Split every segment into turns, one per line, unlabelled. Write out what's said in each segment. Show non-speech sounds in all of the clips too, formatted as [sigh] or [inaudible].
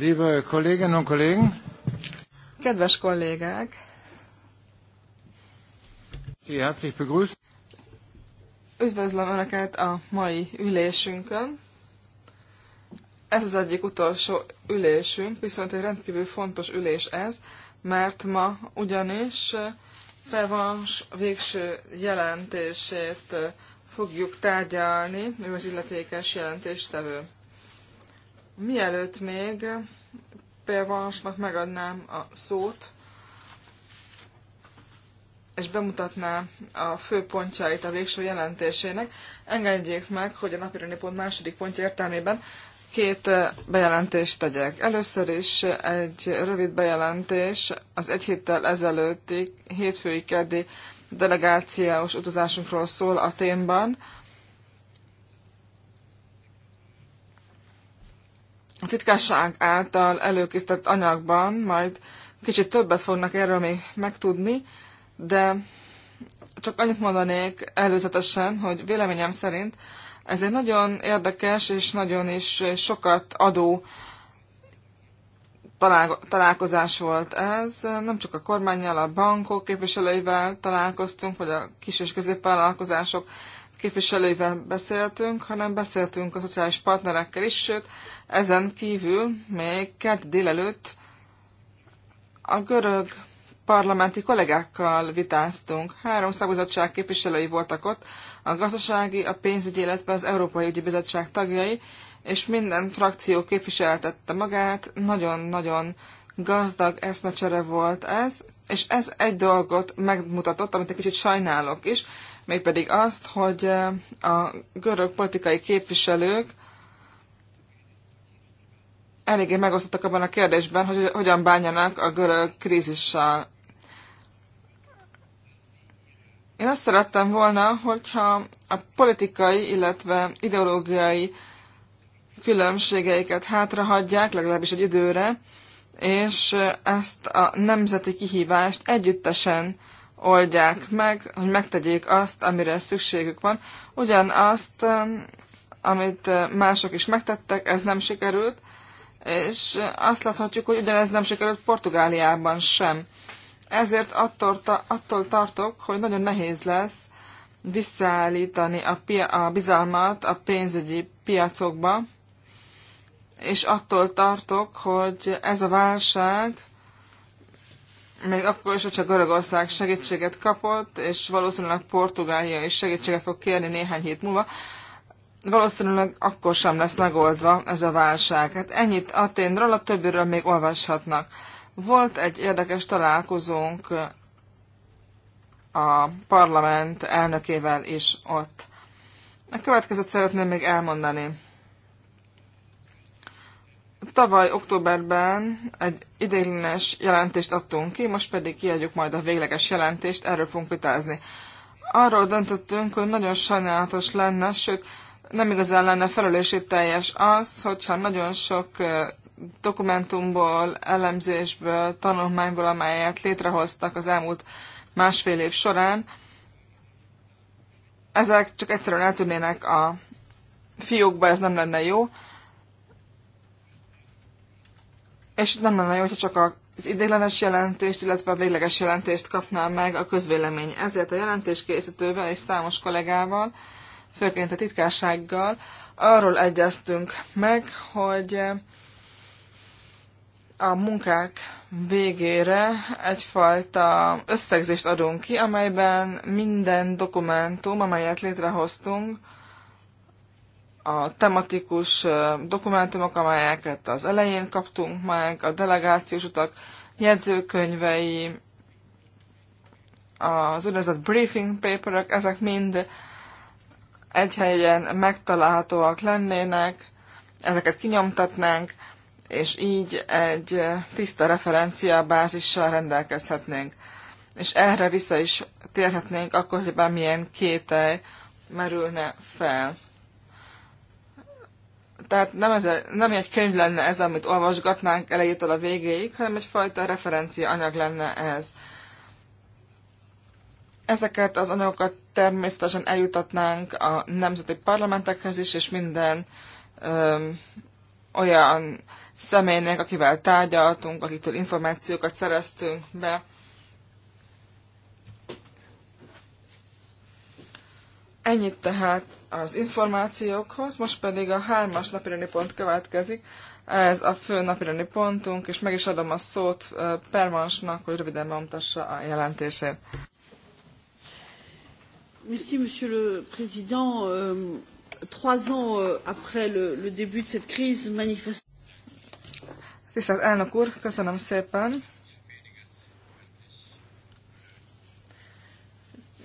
Liebe Kolleginnen und Kollegen!
Kedves kollégák! Sie herzlich begrüßen. Üdvözlöm Önöket a mai ülésünkön. Ez az egyik utolsó ülésünk, viszont egy rendkívül fontos ülés ez, mert ma ugyanis Pevans végső jelentését fogjuk tárgyalni, ő az illetékes jelentéstevő. Mielőtt még Pervansnak megadnám a szót, és bemutatná a fő pontjait a végső jelentésének, engedjék meg, hogy a napirendi pont második pontja értelmében két eh, bejelentést tegyek. Először is egy rövid bejelentés az egy héttel ezelőtti hétfői keddi delegációs utazásunkról szól a témban, a titkásság által előkészített anyagban, majd kicsit többet fognak erről még megtudni, de csak annyit mondanék előzetesen, hogy véleményem szerint ez egy nagyon érdekes és nagyon is sokat adó találkozás volt ez. Nem csak a kormányjal, a bankok képviselőivel találkoztunk, vagy a kis és középvállalkozások képviselőivel beszéltünk, hanem beszéltünk a szociális partnerekkel is, sőt, ezen kívül még kett délelőtt a görög parlamenti kollégákkal vitáztunk. Három szakbizottság képviselői voltak ott, a gazdasági, a pénzügyi, illetve az Európai Ügyi Bizottság tagjai, és minden frakció képviseltette magát, nagyon-nagyon gazdag eszmecsere volt ez, és ez egy dolgot megmutatott, amit egy kicsit sajnálok is, mégpedig azt, hogy eh, a görög politikai képviselők eléggé megosztottak abban a kérdésben, hogy hogyan bánjanak a görög krízissal. Én azt szerettem volna, hogyha a politikai, illetve ideológiai különbségeiket hátrahagyják, legalábbis egy időre, és eh, ezt a nemzeti kihívást együttesen oldják meg, hogy megtegyék azt, amire szükségük van. Ugyanazt, um, amit uh, mások is megtettek, ez nem sikerült, és uh, azt láthatjuk, hogy ugyanez nem sikerült Portugáliában sem. Ezért attól, attól tartok, hogy nagyon nehéz lesz visszaállítani a, pia- a bizalmat a pénzügyi piacokba, és attól tartok, hogy ez a válság még akkor is, hogyha Görögország segítséget kapott, és valószínűleg Portugália is segítséget fog kérni néhány hét múlva, valószínűleg akkor sem lesz megoldva ez a válság. Hát ennyit Aténról, a többiről még olvashatnak. Volt egy érdekes találkozónk a parlament elnökével is ott. A következőt szeretném még elmondani. Tavaly októberben egy ideiglenes jelentést adtunk ki, most pedig kiadjuk majd a végleges jelentést, erről fogunk vitázni. Arról döntöttünk, hogy nagyon sajnálatos lenne, sőt nem igazán lenne felelősség teljes az, hogyha nagyon sok dokumentumból, elemzésből, tanulmányból, amelyet létrehoztak az elmúlt másfél év során, ezek csak egyszerűen eltűnnének a fiókba, ez nem lenne jó. és nem lenne jó, hogyha csak az idéglenes jelentést, illetve a végleges jelentést kapná meg a közvélemény. Ezért a jelentés készítővel és számos kollégával, főként a titkársággal arról egyeztünk meg, hogy a munkák végére egyfajta összegzést adunk ki, amelyben minden dokumentum, amelyet létrehoztunk, a tematikus dokumentumok, amelyeket az elején kaptunk meg, a delegációs utak jegyzőkönyvei, az úgynevezett briefing paperek, ezek mind egy helyen megtalálhatóak lennének, ezeket kinyomtatnánk, és így egy tiszta referenciabázissal rendelkezhetnénk. És erre vissza is térhetnénk, akkor, hogy bármilyen kételj merülne fel tehát nem, ez, nem egy könyv lenne ez, amit olvasgatnánk elejétől a végéig, hanem egyfajta referencia anyag lenne ez. Ezeket az anyagokat természetesen eljutatnánk a nemzeti parlamentekhez is, és minden öm, olyan személynek, akivel tárgyaltunk, akitől információkat szereztünk be Ennyit tehát az információkhoz, most pedig a hármas napirendi pont következik. Ez a fő napirendi pontunk, és meg is adom a szót Permansnak, hogy röviden bemutassa a jelentését.
Merci, Monsieur le Président. Euh, trois ans euh, après le, le début de cette crise, manifestement.
Tisztelt elnök úr, köszönöm szépen.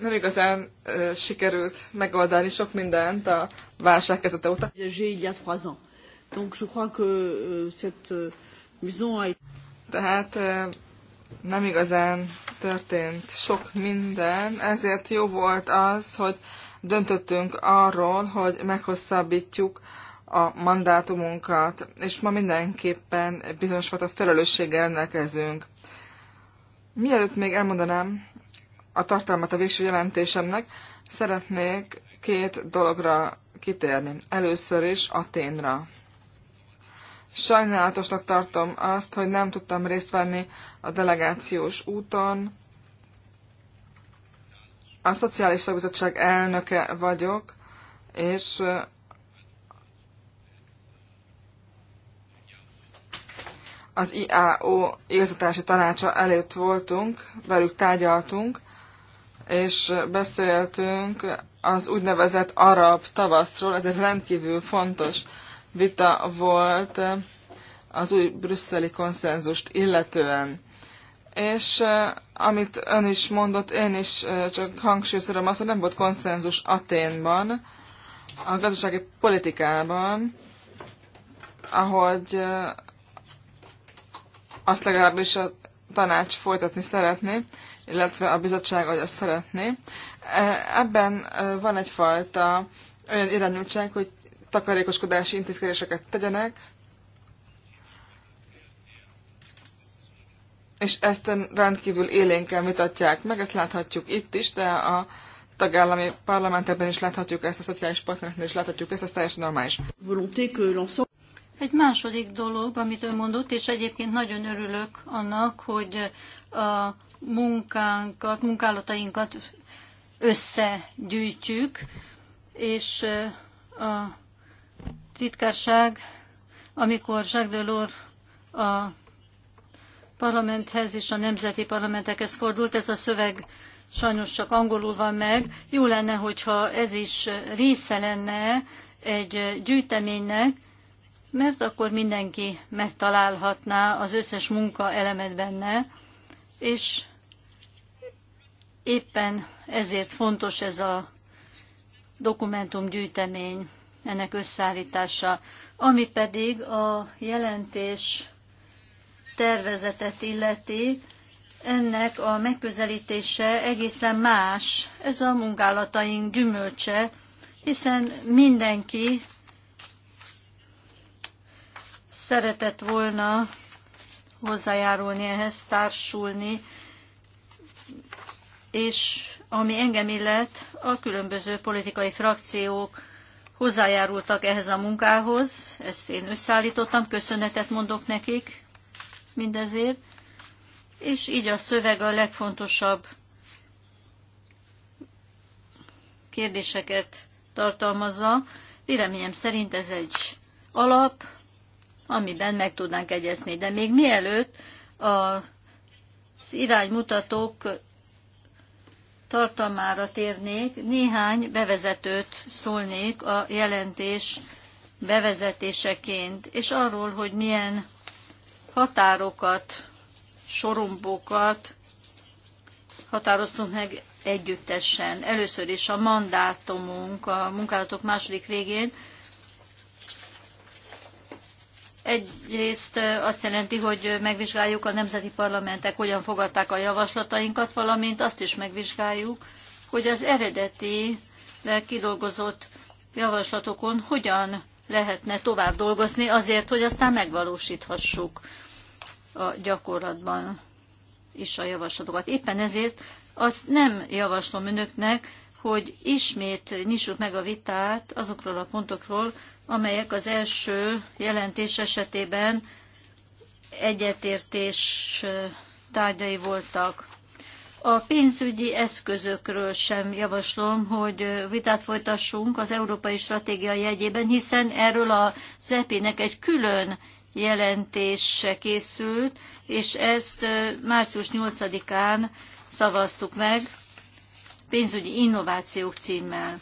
nem igazán uh, sikerült megoldani sok mindent a válság kezdete óta. Tehát nem igazán történt sok minden, ezért jó volt az, hogy döntöttünk arról, hogy meghosszabbítjuk a mandátumunkat, és ma mindenképpen bizonyos a felelősséggel rendelkezünk. Mielőtt még elmondanám, a tartalmat a végső jelentésemnek, szeretnék két dologra kitérni. Először is a ténra. Sajnálatosnak tartom azt, hogy nem tudtam részt venni a delegációs úton. A Szociális Szakbizottság elnöke vagyok, és az IAO igazgatási tanácsa előtt voltunk, velük tárgyaltunk, és beszéltünk az úgynevezett arab tavaszról, ez egy rendkívül fontos vita volt az új brüsszeli konszenzust illetően. És amit ön is mondott, én is csak hangsúlyozom azt, hogy nem volt konszenzus Aténban, a gazdasági politikában, ahogy azt legalábbis a tanács folytatni szeretné, illetve a bizottság, ahogy azt szeretné. E, ebben e, van egyfajta olyan irányultság, hogy takarékoskodási intézkedéseket tegyenek, és ezt rendkívül élénkkel mutatják meg, ezt láthatjuk itt is, de a tagállami parlamentben is láthatjuk ezt, a szociális partnereknél is láthatjuk ezt, ez teljesen normális.
Egy második dolog, amit ő mondott, és egyébként nagyon örülök annak, hogy a munkánkat, munkálatainkat összegyűjtjük, és a titkárság, amikor Jacques Delors a parlamenthez és a nemzeti parlamentekhez fordult, ez a szöveg sajnos csak angolul van meg. Jó lenne, hogyha ez is része lenne egy gyűjteménynek, mert akkor mindenki megtalálhatná az összes munka elemet benne, és éppen ezért fontos ez a dokumentumgyűjtemény, ennek összeállítása, ami pedig a jelentés tervezetet illeti, ennek a megközelítése egészen más. Ez a munkálataink gyümölcse, hiszen mindenki szeretett volna hozzájárulni ehhez, társulni, és ami engem illet, a különböző politikai frakciók hozzájárultak ehhez a munkához, ezt én összeállítottam, köszönetet mondok nekik mindezért, és így a szöveg a legfontosabb kérdéseket tartalmazza. Véleményem szerint ez egy alap, amiben meg tudnánk egyezni. De még mielőtt az iránymutatók tartalmára térnék, néhány bevezetőt szólnék a jelentés bevezetéseként, és arról, hogy milyen határokat, sorombókat határoztunk meg együttesen. Először is a mandátumunk a munkálatok második végén Egyrészt azt jelenti, hogy megvizsgáljuk a nemzeti parlamentek, hogyan fogadták a javaslatainkat, valamint azt is megvizsgáljuk, hogy az eredeti kidolgozott javaslatokon hogyan lehetne tovább dolgozni azért, hogy aztán megvalósíthassuk a gyakorlatban is a javaslatokat. Éppen ezért azt nem javaslom önöknek, hogy ismét nyissuk meg a vitát azokról a pontokról, amelyek az első jelentés esetében egyetértés tárgyai voltak. A pénzügyi eszközökről sem javaslom, hogy vitát folytassunk az Európai Stratégia jegyében, hiszen erről a zep nek egy külön jelentés készült, és ezt március 8-án szavaztuk meg pénzügyi innovációk címmel,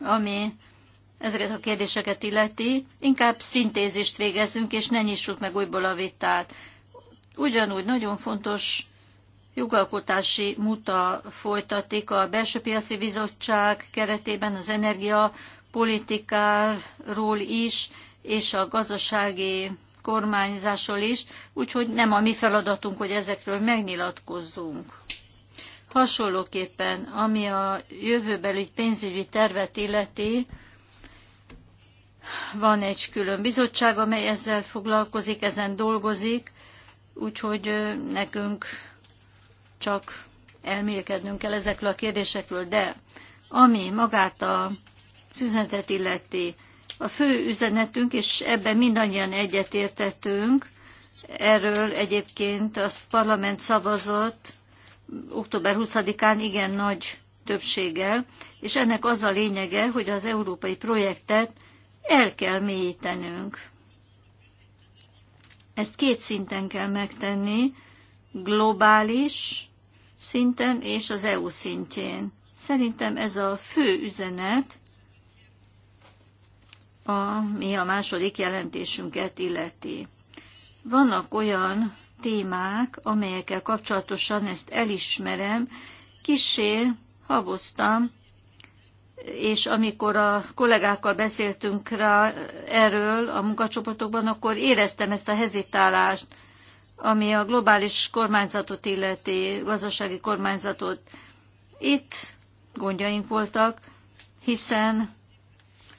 ami ezeket a kérdéseket illeti, inkább szintézist végezzünk, és ne nyissuk meg újból a vitát. Ugyanúgy nagyon fontos jogalkotási muta folytatik a Belső Piaci Bizottság keretében az energiapolitikáról is, és a gazdasági kormányzásról is, úgyhogy nem a mi feladatunk, hogy ezekről megnyilatkozzunk. Hasonlóképpen, ami a jövőbeli pénzügyi tervet illeti, van egy külön bizottság, amely ezzel foglalkozik, ezen dolgozik, úgyhogy nekünk csak elmélkednünk kell ezekről a kérdésekről, de ami magát a szüzenetet illeti, a fő üzenetünk, és ebben mindannyian egyetértettünk, erről egyébként a parlament szavazott október 20-án igen nagy többséggel, és ennek az a lényege, hogy az európai projektet el kell mélyítenünk. Ezt két szinten kell megtenni, globális szinten és az EU szintjén. Szerintem ez a fő üzenet, mi a második jelentésünket illeti. Vannak olyan témák, amelyekkel kapcsolatosan ezt elismerem, kisé haboztam, és amikor a kollégákkal beszéltünk rá erről a munkacsoportokban, akkor éreztem ezt a hezitálást, ami a globális kormányzatot illeti, gazdasági kormányzatot. Itt gondjaink voltak, hiszen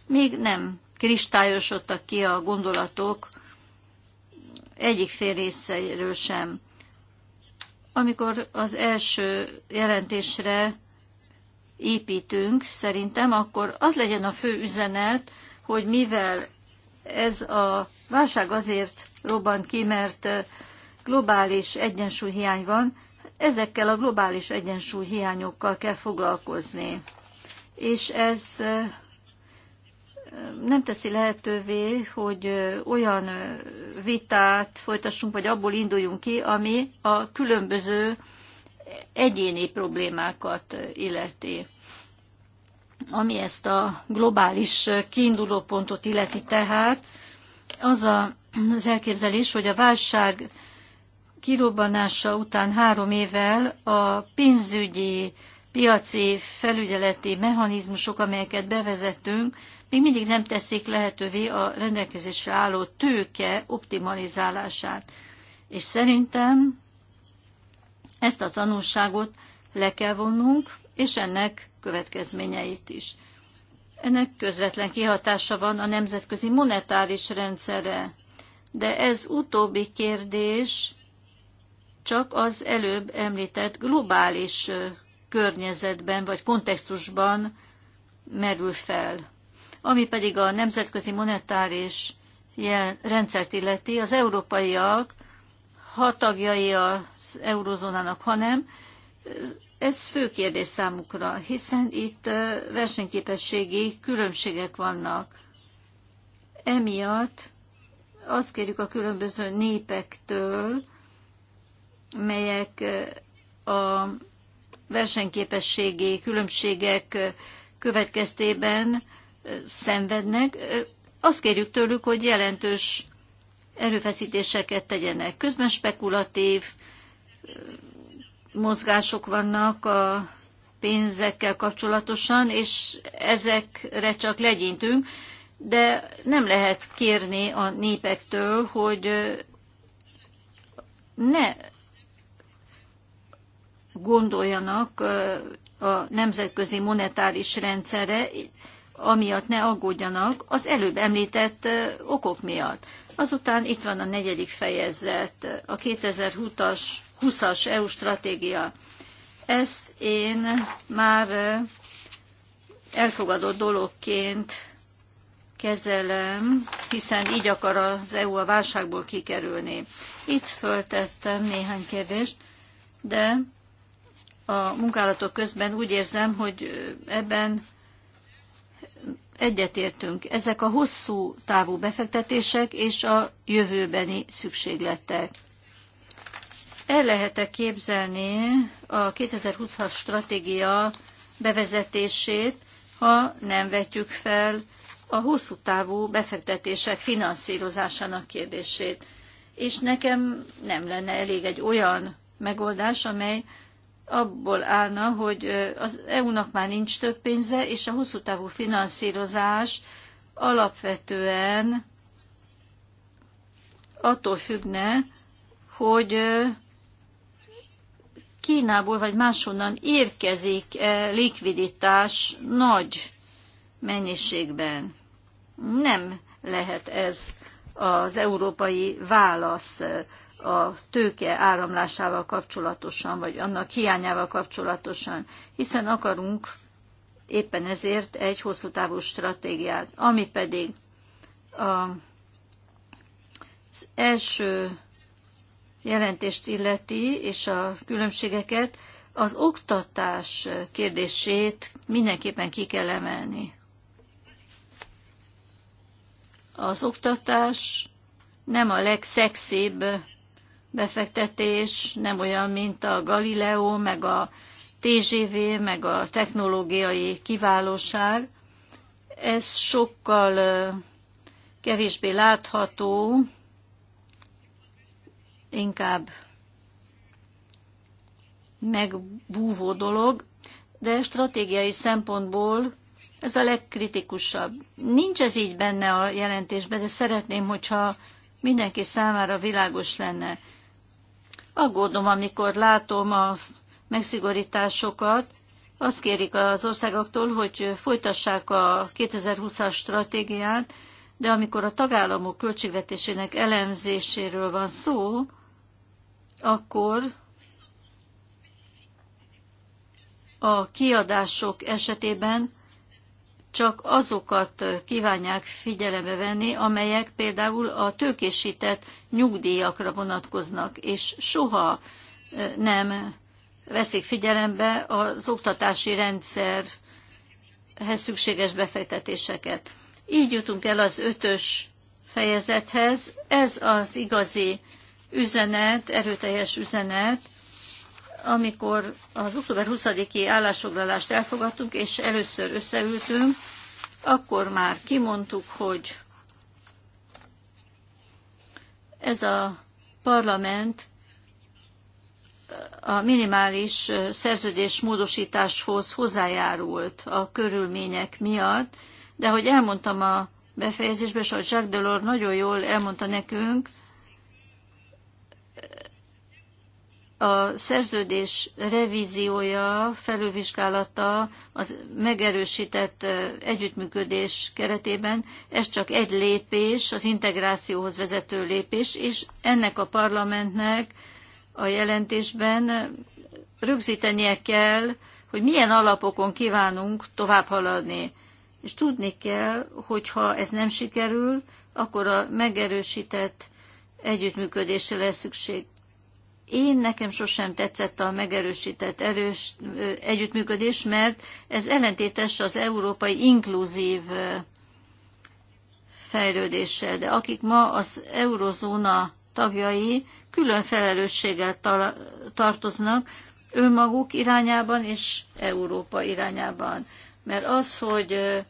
még nem kristályosodtak ki a gondolatok egyik fél részéről sem. Amikor az első jelentésre építünk szerintem, akkor az legyen a fő üzenet, hogy mivel ez a válság azért robbant ki, mert eh, globális egyensúlyhiány van, ezekkel a globális egyensúlyhiányokkal kell foglalkozni. És ez eh, nem teszi lehetővé, hogy eh, olyan vitát folytassunk, vagy abból induljunk ki, ami a különböző egyéni problémákat illeti. Ami ezt a globális kiindulópontot illeti tehát, az a, az elképzelés, hogy a válság kirobbanása után három évvel a pénzügyi, piaci, felügyeleti mechanizmusok, amelyeket bevezetünk, még mindig nem teszik lehetővé a rendelkezésre álló tőke optimalizálását. És szerintem ezt a tanulságot le kell vonnunk, és ennek következményeit is. Ennek közvetlen kihatása van a nemzetközi monetáris rendszerre, de ez utóbbi kérdés csak az előbb említett globális környezetben vagy kontextusban merül fel. Ami pedig a nemzetközi monetáris rendszert illeti, az európaiak ha tagjai az eurozónának, hanem ez fő kérdés számukra, hiszen itt versenyképességi különbségek vannak. Emiatt azt kérjük a különböző népektől, melyek a versenyképességi különbségek következtében szenvednek, azt kérjük tőlük, hogy jelentős erőfeszítéseket tegyenek. Közben spekulatív mozgások vannak a pénzekkel kapcsolatosan, és ezekre csak legyintünk, de nem lehet kérni a népektől, hogy ne gondoljanak a nemzetközi monetáris rendszerre, amiatt ne aggódjanak az előbb említett okok miatt. Azután itt van a negyedik fejezet, a 2020-as 20 EU stratégia. Ezt én már elfogadott dologként kezelem, hiszen így akar az EU a válságból kikerülni. Itt föltettem néhány kérdést, de a munkálatok közben úgy érzem, hogy ebben egyetértünk. Ezek a hosszú távú befektetések és a jövőbeni szükségletek. El lehet -e képzelni a 2026 stratégia bevezetését, ha nem vetjük fel a hosszú távú befektetések finanszírozásának kérdését. És nekem nem lenne elég egy olyan megoldás, amely abból állna, hogy az EU-nak már nincs több pénze, és a hosszú távú finanszírozás alapvetően attól függne, hogy Kínából vagy máshonnan érkezik likviditás nagy mennyiségben. Nem lehet ez az európai válasz a tőke áramlásával kapcsolatosan, vagy annak hiányával kapcsolatosan, hiszen akarunk éppen ezért egy hosszú távú stratégiát, ami pedig a, az első jelentést illeti, és a különbségeket, az oktatás kérdését mindenképpen ki kell emelni. Az oktatás nem a legszexibb befektetés nem olyan, mint a Galileo, meg a TGV, meg a technológiai kiválóság. Ez sokkal kevésbé látható, inkább megbúvó dolog, de stratégiai szempontból ez a legkritikusabb. Nincs ez így benne a jelentésben, de szeretném, hogyha mindenki számára világos lenne. Aggódom, amikor látom a megszigorításokat, azt kérik az országoktól, hogy folytassák a 2020-as stratégiát, de amikor a tagállamok költségvetésének elemzéséről van szó, akkor a kiadások esetében csak azokat kívánják figyelembe venni, amelyek például a tőkésített nyugdíjakra vonatkoznak, és soha nem veszik figyelembe az oktatási rendszerhez szükséges befektetéseket. Így jutunk el az ötös fejezethez. Ez az igazi üzenet, erőteljes üzenet, amikor az október 20-i állásfoglalást elfogadtuk, és először összeültünk, akkor már kimondtuk, hogy ez a parlament a minimális szerződés módosításhoz hozzájárult a körülmények miatt, de hogy elmondtam a befejezésben, és a Jacques Delors nagyon jól elmondta nekünk, a szerződés revíziója, felülvizsgálata az megerősített együttműködés keretében, ez csak egy lépés, az integrációhoz vezető lépés, és ennek a parlamentnek a jelentésben rögzítenie kell, hogy milyen alapokon kívánunk tovább haladni. És tudni kell, hogyha ez nem sikerül, akkor a megerősített együttműködésre lesz szükség. Én nekem sosem tetszett a megerősített erős együttműködés, mert ez ellentétes az európai inkluzív fejlődéssel, de akik ma az eurozóna tagjai külön felelősséggel tartoznak önmaguk irányában és Európa irányában. Mert az, hogy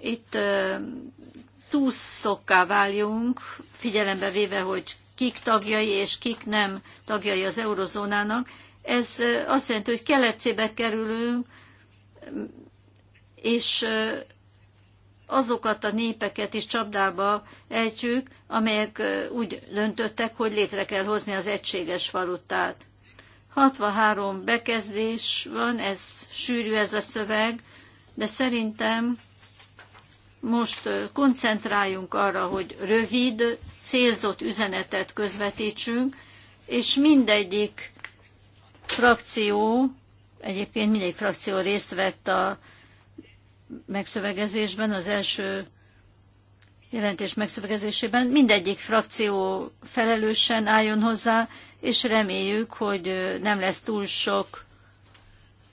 itt túlszokká váljunk, figyelembe véve, hogy kik tagjai és kik nem tagjai az eurozónának. Ez azt jelenti, hogy keletcébe kerülünk, és azokat a népeket is csapdába ejtjük, amelyek úgy döntöttek, hogy létre kell hozni az egységes valutát. 63 bekezdés van, ez sűrű ez a szöveg, de szerintem most koncentráljunk arra, hogy rövid célzott üzenetet közvetítsünk, és mindegyik frakció, egyébként mindegyik frakció részt vett a megszövegezésben, az első jelentés megszövegezésében, mindegyik frakció felelősen álljon hozzá, és reméljük, hogy nem lesz túl sok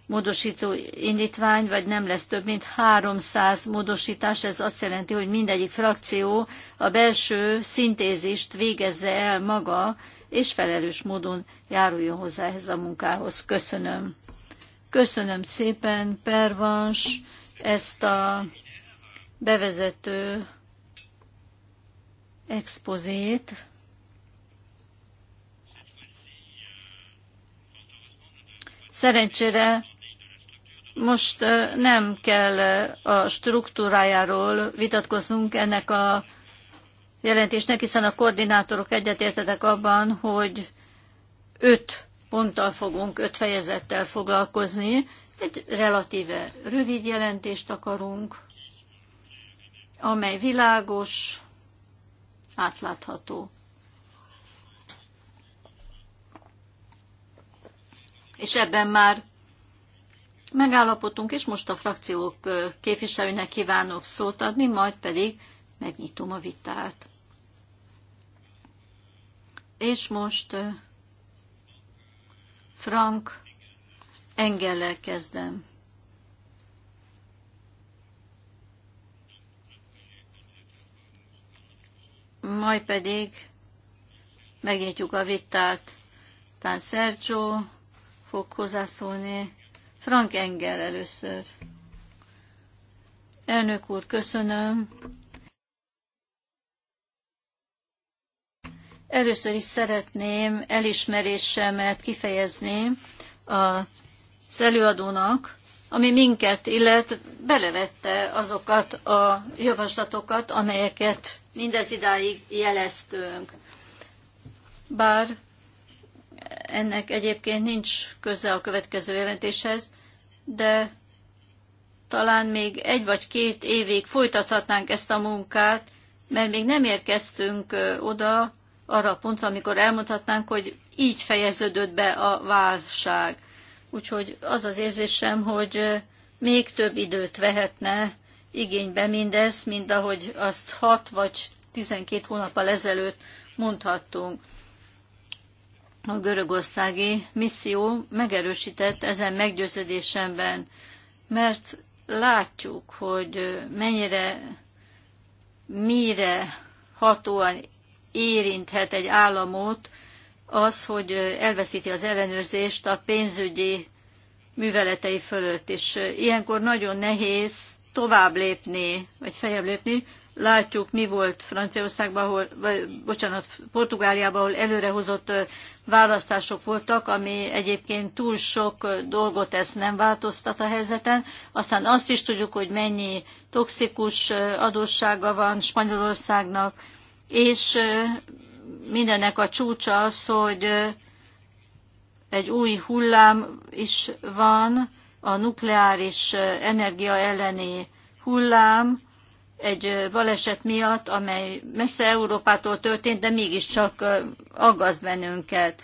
módosító indítvány, vagy nem lesz több, mint 300 módosítás. Ez azt jelenti, hogy mindegyik frakció a belső szintézist végezze el maga, és felelős módon járuljon hozzá ehhez a munkához. Köszönöm. Köszönöm szépen, Pervans, ezt a bevezető expozét. Szerencsére most nem kell a struktúrájáról vitatkoznunk ennek a jelentésnek, hiszen a koordinátorok egyetértetek abban, hogy öt ponttal fogunk, öt fejezettel foglalkozni. Egy relatíve rövid jelentést akarunk, amely világos, átlátható. És ebben már Megállapodtunk, és most a frakciók képviselőnek kívánok szót adni, majd pedig megnyitom a vitát. És most Frank Engellel kezdem. Majd pedig megnyitjuk a vitát. Tán Sergio fog hozzászólni, Frank Engel először. Elnök úr, köszönöm. Először is szeretném elismerésemet kifejezni az előadónak, ami minket illet, belevette azokat a javaslatokat, amelyeket mindez idáig jeleztünk. Bár ennek egyébként nincs köze a következő jelentéshez, de talán még egy vagy két évig folytathatnánk ezt a munkát, mert még nem érkeztünk oda arra a pontra, amikor elmondhatnánk, hogy így fejeződött be a válság. Úgyhogy az az érzésem, hogy még több időt vehetne igénybe mindez, mint ahogy azt 6 vagy 12 hónappal ezelőtt mondhattunk a görögországi misszió megerősített ezen meggyőződésemben, mert látjuk, hogy mennyire, mire hatóan érinthet egy államot az, hogy elveszíti az ellenőrzést a pénzügyi műveletei fölött, és ilyenkor nagyon nehéz tovább lépni, vagy feljebb lépni, látjuk, mi volt Franciaországban, ahol, vagy, bocsánat, Portugáliában, ahol előrehozott választások voltak, ami egyébként túl sok dolgot ez nem változtat a helyzeten. Aztán azt is tudjuk, hogy mennyi toxikus adóssága van Spanyolországnak, és mindennek a csúcsa az, hogy egy új hullám is van, a nukleáris energia elleni hullám, egy baleset miatt, amely messze Európától történt, de mégiscsak aggaszt bennünket.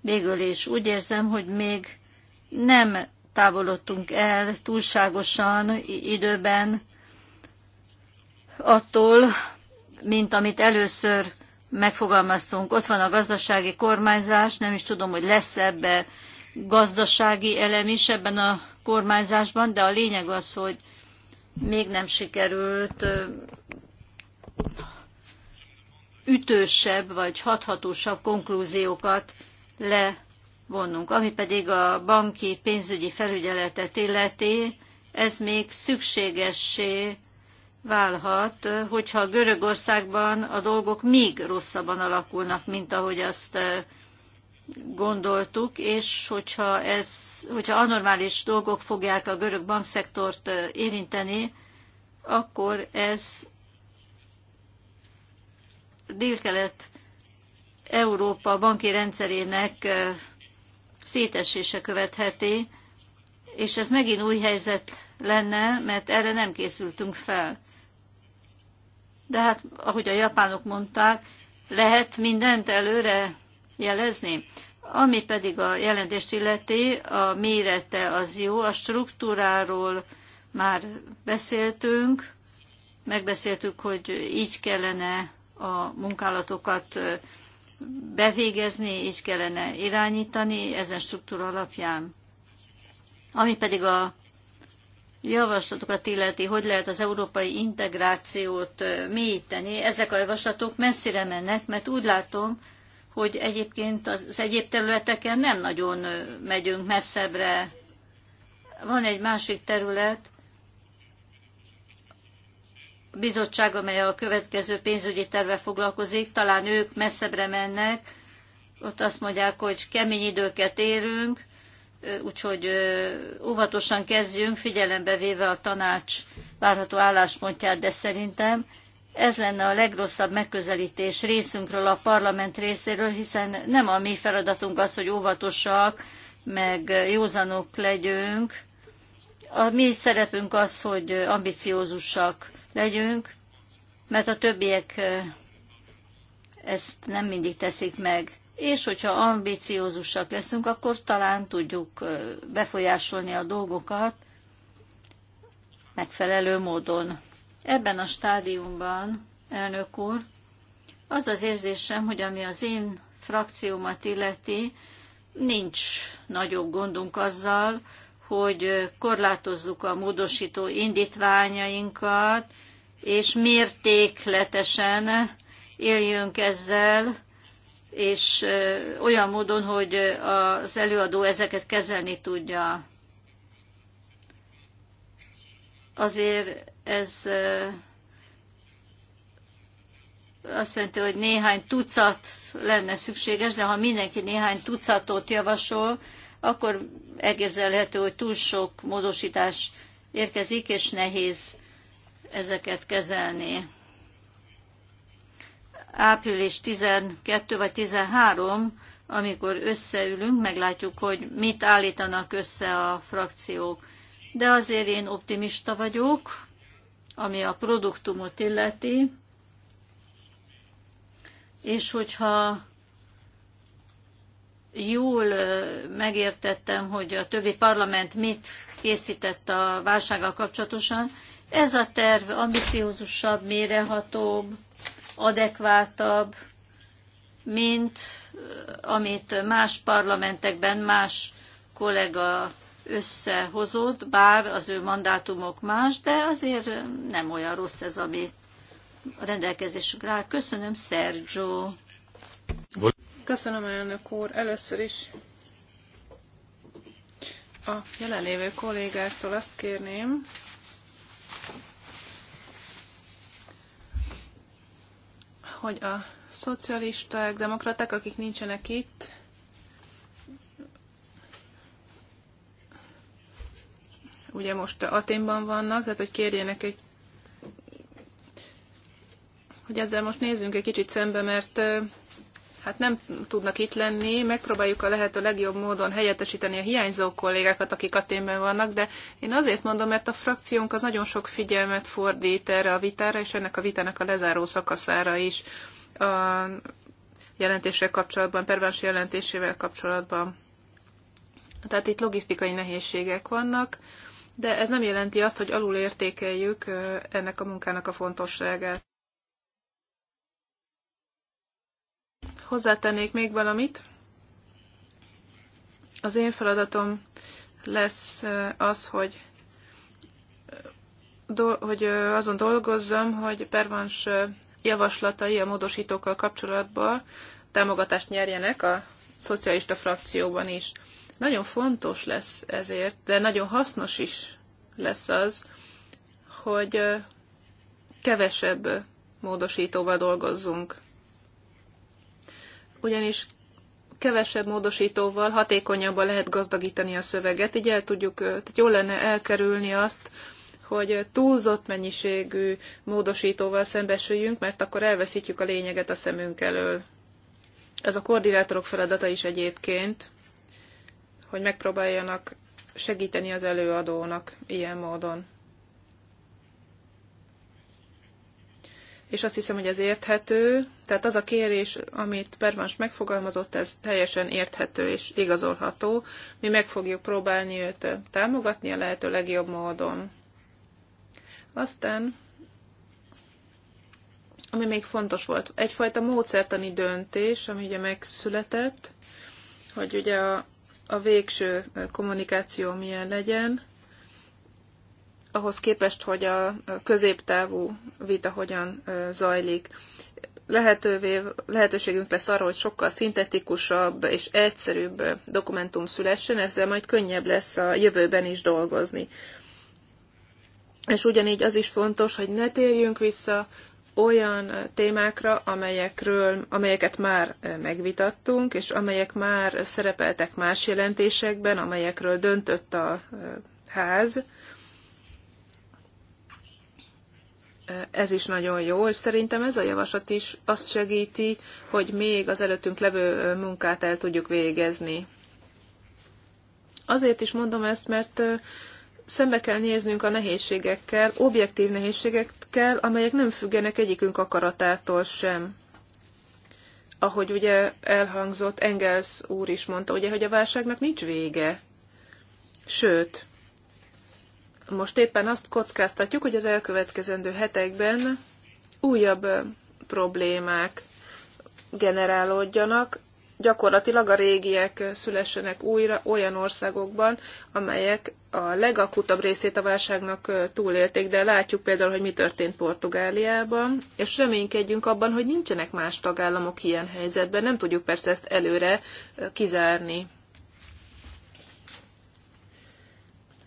Végül is úgy érzem, hogy még nem távolodtunk el túlságosan időben attól, mint amit először megfogalmaztunk. Ott van a gazdasági kormányzás, nem is tudom, hogy lesz ebbe gazdasági elem is ebben a kormányzásban, de a lényeg az, hogy még nem sikerült ütősebb vagy hathatósabb konklúziókat levonnunk. Ami pedig a banki pénzügyi felügyeletet illeti, ez még szükségessé válhat, hogyha Görögországban a dolgok még rosszabban alakulnak, mint ahogy azt gondoltuk, és hogyha, ez, hogyha anormális dolgok fogják a görög bankszektort érinteni, akkor ez délkelet Európa banki rendszerének szétesése követheti, és ez megint új helyzet lenne, mert erre nem készültünk fel. De hát, ahogy a japánok mondták, lehet mindent előre jelezni. Ami pedig a jelentést illeti, a mérete az jó, a struktúráról már beszéltünk, megbeszéltük, hogy így kellene a munkálatokat bevégezni, így kellene irányítani ezen struktúra alapján. Ami pedig a javaslatokat illeti, hogy lehet az európai integrációt mélyíteni, ezek a javaslatok messzire mennek, mert úgy látom, hogy egyébként az egyéb területeken nem nagyon megyünk messzebbre. Van egy másik terület, a bizottság, amely a következő pénzügyi terve foglalkozik, talán ők messzebbre mennek, ott azt mondják, hogy kemény időket érünk, úgyhogy óvatosan kezdjünk, figyelembe véve a tanács várható álláspontját, de szerintem ez lenne a legrosszabb megközelítés részünkről, a parlament részéről, hiszen nem a mi feladatunk az, hogy óvatosak, meg józanok legyünk. A mi szerepünk az, hogy ambiciózusak legyünk, mert a többiek ezt nem mindig teszik meg. És hogyha ambiciózusak leszünk, akkor talán tudjuk befolyásolni a dolgokat megfelelő módon. Ebben a stádiumban, elnök úr, az az érzésem, hogy ami az én frakciómat illeti, nincs nagyobb gondunk azzal, hogy korlátozzuk a módosító indítványainkat, és mértékletesen éljünk ezzel, és olyan módon, hogy az előadó ezeket kezelni tudja. Azért ez azt jelenti, hogy néhány tucat lenne szükséges, de ha mindenki néhány tucatot javasol, akkor elképzelhető, hogy túl sok módosítás érkezik, és nehéz ezeket kezelni. Április 12 vagy 13, amikor összeülünk, meglátjuk, hogy mit állítanak össze a frakciók. De azért én optimista vagyok, ami a produktumot illeti, és hogyha jól megértettem, hogy a többi parlament mit készített a válsággal kapcsolatosan, ez a terv ambiciózusabb, mérehatóbb, adekvátabb, mint amit más parlamentekben más kollega összehozott, bár az ő mandátumok más, de azért nem olyan rossz ez, amit a rendelkezésük rá. Köszönöm, Sergio. Köszönöm, elnök úr. Először is
a jelenlévő kollégáktól azt kérném, hogy a szocialisták, demokraták, akik nincsenek itt, ugye most Aténban vannak, tehát hogy kérjenek egy hogy ezzel most nézzünk egy kicsit szembe, mert hát nem tudnak itt lenni, megpróbáljuk a lehető legjobb módon helyettesíteni a hiányzó kollégákat, akik a témben vannak, de én azért mondom, mert a frakciónk az nagyon sok figyelmet fordít erre a vitára, és ennek a vitának a lezáró szakaszára is a jelentéssel kapcsolatban, perváns jelentésével kapcsolatban. Tehát itt logisztikai nehézségek vannak, de ez nem jelenti azt, hogy alul értékeljük ennek a munkának a fontosságát. Hozzátennék még valamit. Az én feladatom lesz az, hogy do, hogy azon dolgozzam, hogy Pervans javaslatai a módosítókkal kapcsolatban támogatást nyerjenek a szocialista frakcióban is. Nagyon fontos lesz ezért, de nagyon hasznos is lesz az, hogy kevesebb módosítóval dolgozzunk. Ugyanis kevesebb módosítóval hatékonyabban lehet gazdagítani a szöveget, így el tudjuk, tehát jól lenne elkerülni azt, hogy túlzott mennyiségű módosítóval szembesüljünk, mert akkor elveszítjük a lényeget a szemünk elől. Ez a koordinátorok feladata is egyébként, hogy megpróbáljanak segíteni az előadónak ilyen módon. És azt hiszem, hogy ez érthető, tehát az a kérés, amit Pervans megfogalmazott, ez teljesen érthető és igazolható. Mi meg fogjuk próbálni őt támogatni a lehető legjobb módon. Aztán, ami még fontos volt, egyfajta módszertani döntés, ami ugye megszületett, hogy ugye a a végső kommunikáció milyen legyen, ahhoz képest, hogy a középtávú vita hogyan zajlik. Lehetővé, lehetőségünk lesz arra, hogy sokkal szintetikusabb és egyszerűbb dokumentum szülessen, ezzel majd könnyebb lesz a jövőben is dolgozni. És ugyanígy az is fontos, hogy ne térjünk vissza olyan témákra, amelyekről, amelyeket már megvitattunk, és amelyek már szerepeltek más jelentésekben, amelyekről döntött a ház. Ez is nagyon jó, és szerintem ez a javaslat is azt segíti, hogy még az előttünk levő munkát el tudjuk végezni. Azért is mondom ezt, mert szembe kell néznünk a nehézségekkel, objektív nehézségekkel, amelyek nem függenek egyikünk akaratától sem. Ahogy ugye elhangzott, Engels úr is mondta, ugye, hogy a válságnak nincs vége. Sőt, most éppen azt kockáztatjuk, hogy az elkövetkezendő hetekben újabb problémák generálódjanak, gyakorlatilag a régiek szülessenek újra olyan országokban, amelyek a legakutabb részét a válságnak túlélték, de látjuk például, hogy mi történt Portugáliában, és reménykedjünk abban, hogy nincsenek más tagállamok ilyen helyzetben, nem tudjuk persze ezt előre kizárni.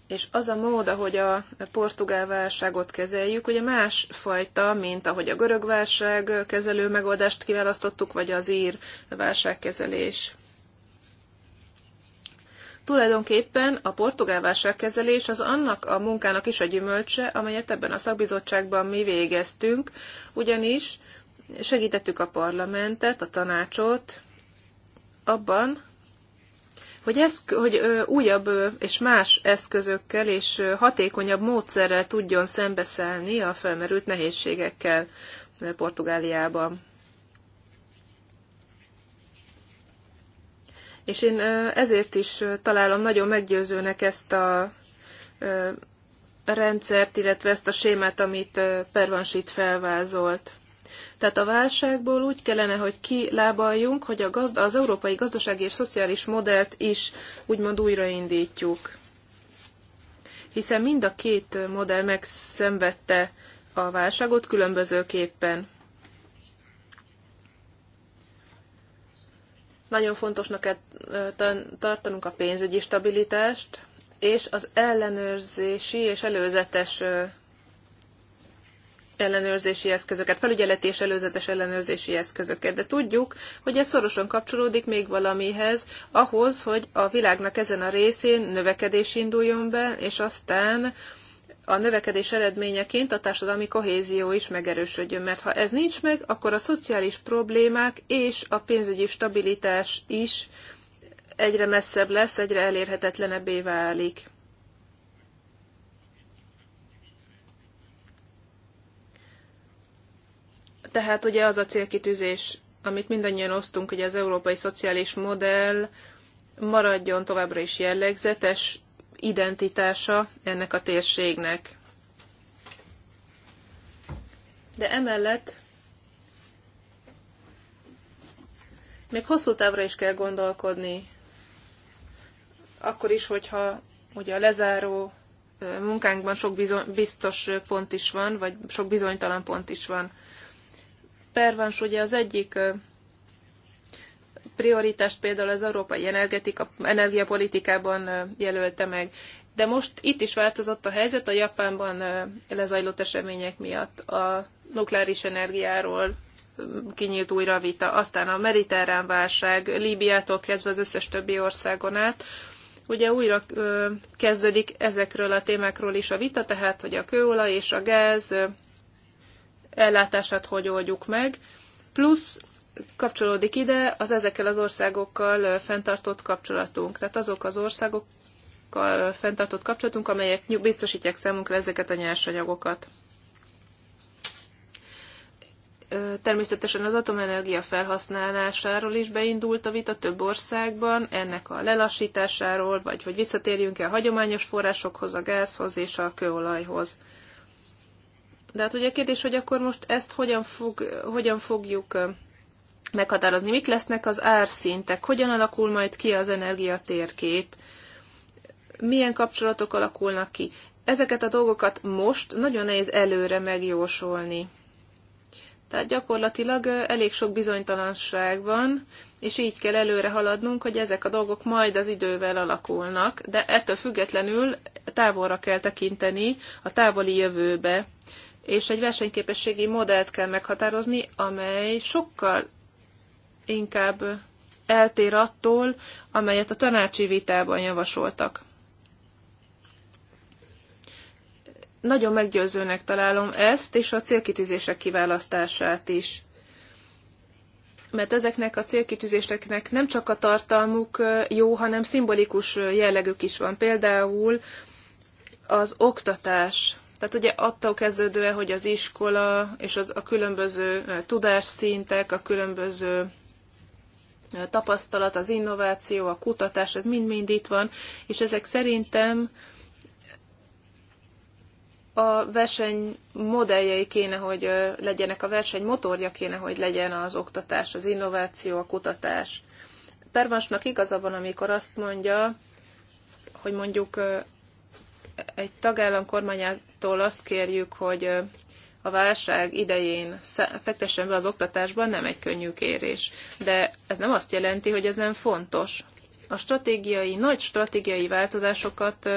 és az a mód, ahogy a portugál válságot kezeljük, ugye másfajta, mint ahogy a görög válság kezelő megoldást kiválasztottuk, vagy az ír válságkezelés. Tulajdonképpen a portugál válságkezelés az annak a munkának is a gyümölcse, amelyet ebben a szakbizottságban mi végeztünk, ugyanis segítettük a parlamentet, a tanácsot abban, hogy, eszk- hogy újabb és más eszközökkel és hatékonyabb módszerrel tudjon szembeszállni a felmerült nehézségekkel Portugáliában. És én ezért is találom nagyon meggyőzőnek ezt a rendszert, illetve ezt a sémát, amit Pervansit felvázolt. Tehát a válságból úgy kellene, hogy kilábaljunk, hogy a gazda, az európai gazdasági és szociális modellt is úgymond újraindítjuk. Hiszen mind a két modell megszenvedte a válságot különbözőképpen. Nagyon fontosnak kell tartanunk a pénzügyi stabilitást, és az ellenőrzési és előzetes ellenőrzési eszközöket, felügyeleti és előzetes ellenőrzési eszközöket. De tudjuk, hogy ez szorosan kapcsolódik még valamihez, ahhoz, hogy a világnak ezen a részén növekedés induljon be, és aztán a növekedés eredményeként a társadalmi kohézió is megerősödjön, mert ha ez nincs meg, akkor a szociális problémák és a pénzügyi stabilitás is egyre messzebb lesz, egyre elérhetetlenebbé válik. Tehát ugye az a célkitűzés, amit mindannyian osztunk, hogy az európai szociális modell maradjon továbbra is jellegzetes identitása ennek a térségnek. De emellett még hosszú távra is kell gondolkodni. Akkor is, hogyha ugye a lezáró munkánkban sok biztos pont is van, vagy sok bizonytalan pont is van. Pervans ugye az egyik prioritást például az európai energetika, energiapolitikában jelölte meg. De most itt is változott a helyzet a Japánban lezajlott események miatt. A nukleáris energiáról kinyílt újra a vita. Aztán a mediterrán válság, Líbiától kezdve az összes többi országon át. Ugye újra kezdődik ezekről a témákról is a vita, tehát hogy a kőolaj és a gáz ellátását hogy oldjuk meg, plusz kapcsolódik ide az ezekkel az országokkal fenntartott kapcsolatunk. Tehát azok az országokkal fenntartott kapcsolatunk, amelyek biztosítják számunkra ezeket a nyersanyagokat. Természetesen az atomenergia felhasználásáról is beindult a vita több országban, ennek a lelassításáról, vagy hogy visszatérjünk-e a hagyományos forrásokhoz, a gázhoz és a kőolajhoz. De hát ugye a kérdés, hogy akkor most ezt hogyan, fog, hogyan fogjuk meghatározni, mik lesznek az árszintek, hogyan alakul majd ki az energiatérkép, milyen kapcsolatok alakulnak ki. Ezeket a dolgokat most nagyon nehéz előre megjósolni. Tehát gyakorlatilag elég sok bizonytalanság van, és így kell előre haladnunk, hogy ezek a dolgok majd az idővel alakulnak, de ettől függetlenül távolra kell tekinteni a távoli jövőbe, és egy versenyképességi modellt kell meghatározni, amely sokkal inkább eltér attól, amelyet a tanácsi vitában javasoltak. Nagyon meggyőzőnek találom ezt, és a célkitűzések kiválasztását is. Mert ezeknek a célkitűzéseknek nem csak a tartalmuk jó, hanem szimbolikus jellegük is van. Például az oktatás tehát ugye attól kezdődően, hogy az iskola és az, a különböző tudásszintek, a különböző tapasztalat, az innováció, a kutatás, ez mind-mind itt van, és ezek szerintem a verseny modelljei kéne, hogy legyenek, a verseny motorja kéne, hogy legyen az oktatás, az innováció, a kutatás. Pervansnak igaza van, amikor azt mondja, hogy mondjuk egy tagállam kormányától azt kérjük, hogy a válság idején fektessen be az oktatásban, nem egy könnyű kérés. De ez nem azt jelenti, hogy ez nem fontos. A stratégiai, nagy stratégiai változásokat,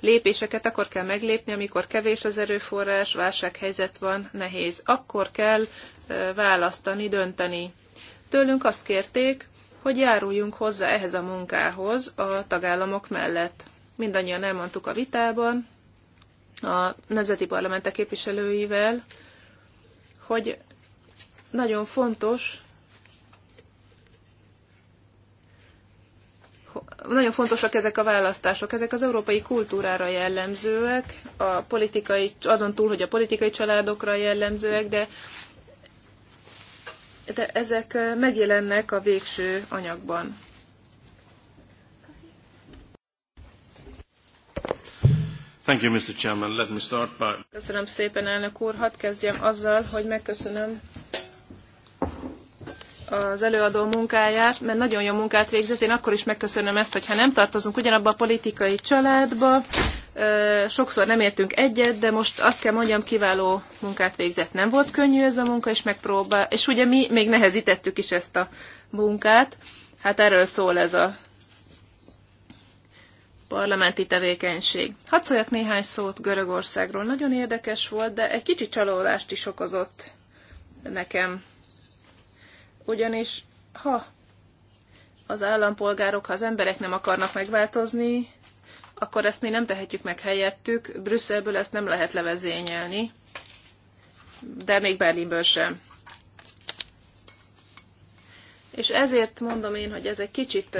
lépéseket akkor kell meglépni, amikor kevés az erőforrás, válsághelyzet van, nehéz. Akkor kell választani, dönteni. Tőlünk azt kérték, hogy járuljunk hozzá ehhez a munkához a tagállamok mellett mindannyian elmondtuk a vitában a nemzeti parlamentek képviselőivel, hogy nagyon fontos, nagyon fontosak ezek a választások. Ezek az európai kultúrára jellemzőek, a politikai, azon túl, hogy a politikai családokra jellemzőek, de, de ezek megjelennek a végső anyagban. Thank you, Mr. Chairman. Let me start by... Köszönöm szépen, elnök úr. Hadd kezdjem azzal, hogy megköszönöm az előadó munkáját, mert nagyon jó munkát végzett. Én akkor is megköszönöm ezt, hogyha nem tartozunk ugyanabba a politikai családba. Sokszor nem értünk egyet, de most azt kell mondjam, kiváló munkát végzett. Nem volt könnyű ez a munka, és megpróbál. És ugye mi még nehezítettük is ezt a munkát. Hát erről szól ez a parlamenti tevékenység. Hadd szóljak néhány szót Görögországról. Nagyon érdekes volt, de egy kicsi csalódást is okozott nekem. Ugyanis, ha az állampolgárok, ha az emberek nem akarnak megváltozni, akkor ezt mi nem tehetjük meg helyettük, Brüsszelből ezt nem lehet levezényelni, de még Berlinből sem. És ezért mondom én, hogy ez egy kicsit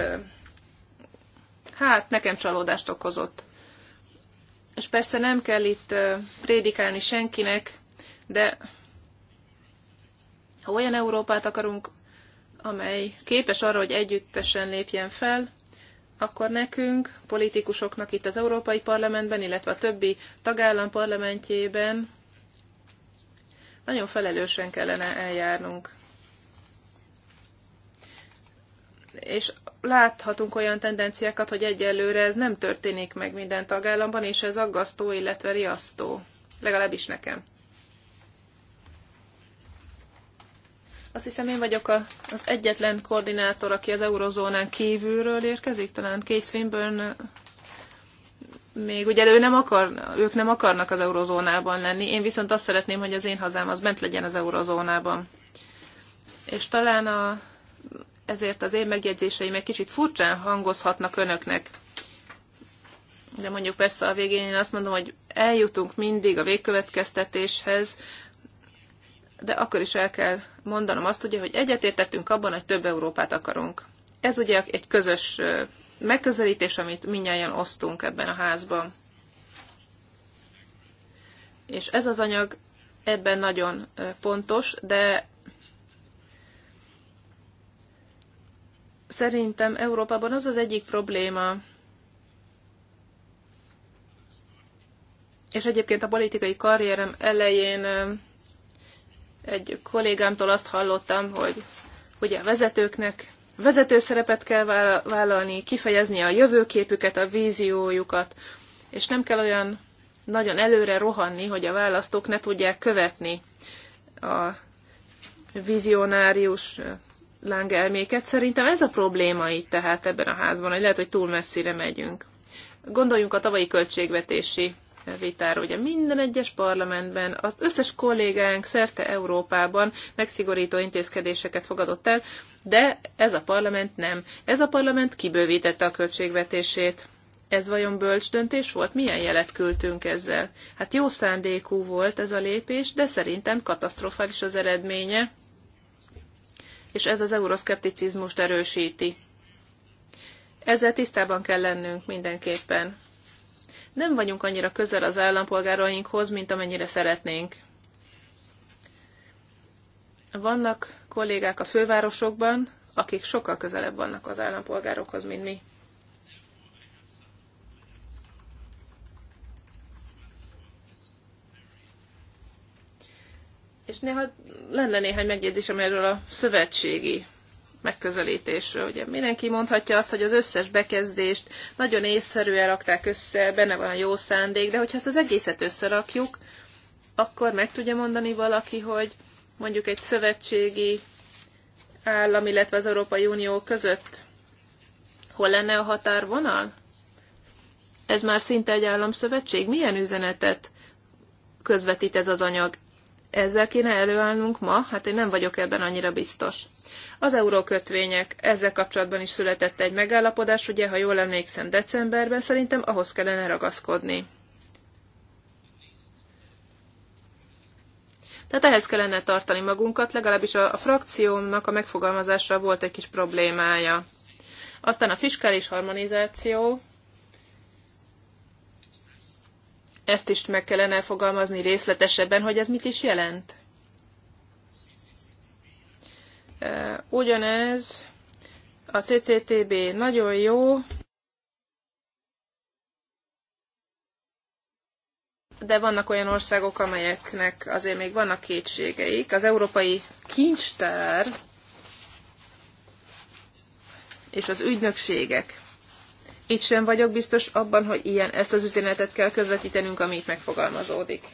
hát nekem csalódást okozott. És persze nem kell itt prédikálni senkinek, de ha olyan Európát akarunk, amely képes arra, hogy együttesen lépjen fel, akkor nekünk, politikusoknak itt az Európai Parlamentben, illetve a többi tagállam parlamentjében nagyon felelősen kellene eljárnunk. és láthatunk olyan tendenciákat, hogy egyelőre ez nem történik meg minden tagállamban, és ez aggasztó, illetve riasztó. Legalábbis nekem. Azt hiszem én vagyok a, az egyetlen koordinátor, aki az eurozónán kívülről érkezik, talán Case Finburn még ugye ő nem akar, ők nem akarnak az eurozónában lenni, én viszont azt szeretném, hogy az én hazám az bent legyen az eurozónában. És talán a ezért az én megjegyzéseim egy kicsit furcsán hangozhatnak önöknek. De mondjuk persze a végén én azt mondom, hogy eljutunk mindig a végkövetkeztetéshez, de akkor is el kell mondanom azt, ugye, hogy egyetértettünk abban, hogy több Európát akarunk. Ez ugye egy közös megközelítés, amit minnyáján osztunk ebben a házban. És ez az anyag ebben nagyon pontos, de Szerintem Európában az az egyik probléma, és egyébként a politikai karrierem elején egy kollégámtól azt hallottam, hogy ugye a vezetőknek vezető szerepet kell vállalni, kifejezni a jövőképüket, a víziójukat, és nem kell olyan nagyon előre rohanni, hogy a választók ne tudják követni a vizionárius lángelméket. Szerintem ez a probléma itt tehát ebben a házban, hogy lehet, hogy túl messzire megyünk. Gondoljunk a tavalyi költségvetési vitára, ugye minden egyes parlamentben, az összes kollégánk szerte Európában megszigorító intézkedéseket fogadott el, de ez a parlament nem. Ez a parlament kibővítette a költségvetését. Ez vajon bölcs döntés volt? Milyen jelet küldtünk ezzel? Hát jó szándékú volt ez a lépés, de szerintem katasztrofális az eredménye és ez az euroszkepticizmust erősíti. Ezzel tisztában kell lennünk mindenképpen. Nem vagyunk annyira közel az állampolgárainkhoz, mint amennyire szeretnénk. Vannak kollégák a fővárosokban, akik sokkal közelebb vannak az állampolgárokhoz, mint mi. És néha lenne néhány megjegyzésem erről a szövetségi megközelítésről. Ugye mindenki mondhatja azt, hogy az összes bekezdést nagyon észszerűen rakták össze, benne van a jó szándék, de hogyha ezt az egészet összerakjuk, akkor meg tudja mondani valaki, hogy mondjuk egy szövetségi állam, illetve az Európai Unió között hol lenne a határvonal? Ez már szinte egy államszövetség? Milyen üzenetet közvetít ez az anyag? Ezzel kéne előállnunk ma? Hát én nem vagyok ebben annyira biztos. Az eurókötvények, ezzel kapcsolatban is született egy megállapodás, ugye, ha jól emlékszem, decemberben szerintem ahhoz kellene ragaszkodni. Tehát ehhez kellene tartani magunkat, legalábbis a, a frakciómnak a megfogalmazása volt egy kis problémája. Aztán a fiskális harmonizáció, ezt is meg kellene fogalmazni részletesebben, hogy ez mit is jelent. Ugyanez a CCTB nagyon jó, de vannak olyan országok, amelyeknek azért még vannak kétségeik. Az európai kincstár és az ügynökségek itt sem vagyok biztos abban, hogy ilyen ezt az üzenetet kell közvetítenünk, ami itt megfogalmazódik.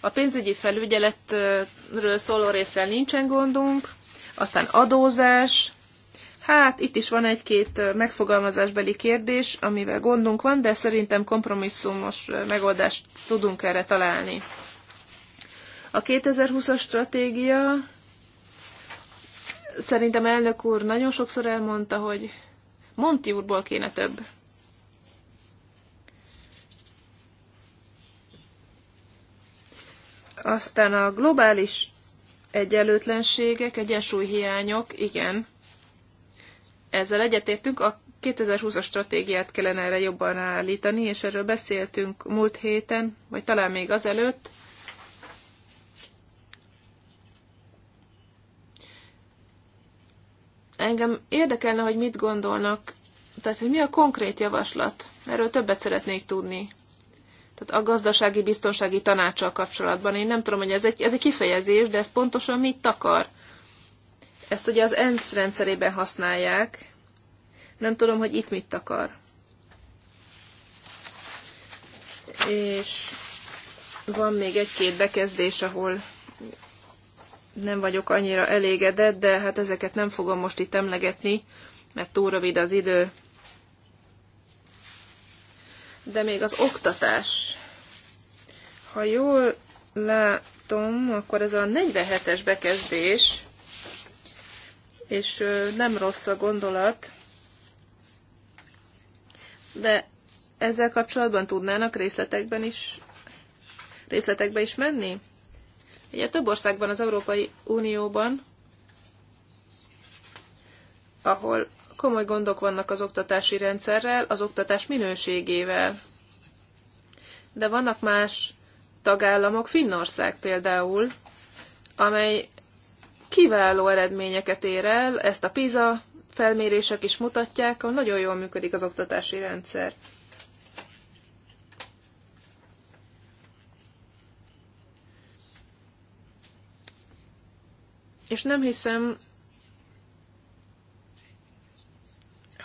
A pénzügyi felügyeletről szóló részsel nincsen gondunk, aztán adózás, Hát itt is van egy-két megfogalmazásbeli kérdés, amivel gondunk van, de szerintem kompromisszumos megoldást tudunk erre találni. A 2020-as stratégia Szerintem elnök úr nagyon sokszor elmondta, hogy Monti úrból kéne több. Aztán a globális egyenlőtlenségek, egyensúlyhiányok, igen. Ezzel egyetértünk, a 2020-as stratégiát kellene erre jobban állítani, és erről beszéltünk múlt héten, vagy talán még azelőtt. Engem érdekelne, hogy mit gondolnak, tehát hogy mi a konkrét javaslat. Erről többet szeretnék tudni. Tehát a gazdasági biztonsági tanácssal kapcsolatban. Én nem tudom, hogy ez egy, ez egy kifejezés, de ez pontosan mit akar. Ezt ugye az ENSZ rendszerében használják. Nem tudom, hogy itt mit akar. És van még egy-két bekezdés, ahol nem vagyok annyira elégedett, de hát ezeket nem fogom most itt emlegetni, mert túl rövid az idő. De még az oktatás. Ha jól látom, akkor ez a 47-es bekezdés, és nem rossz a gondolat, de ezzel kapcsolatban tudnának részletekben is részletekbe is menni? Ugye több országban az Európai Unióban, ahol komoly gondok vannak az oktatási rendszerrel, az oktatás minőségével. De vannak más tagállamok, Finnország például, amely kiváló eredményeket ér el, ezt a PISA felmérések is mutatják, ahol nagyon jól működik az oktatási rendszer. És nem hiszem,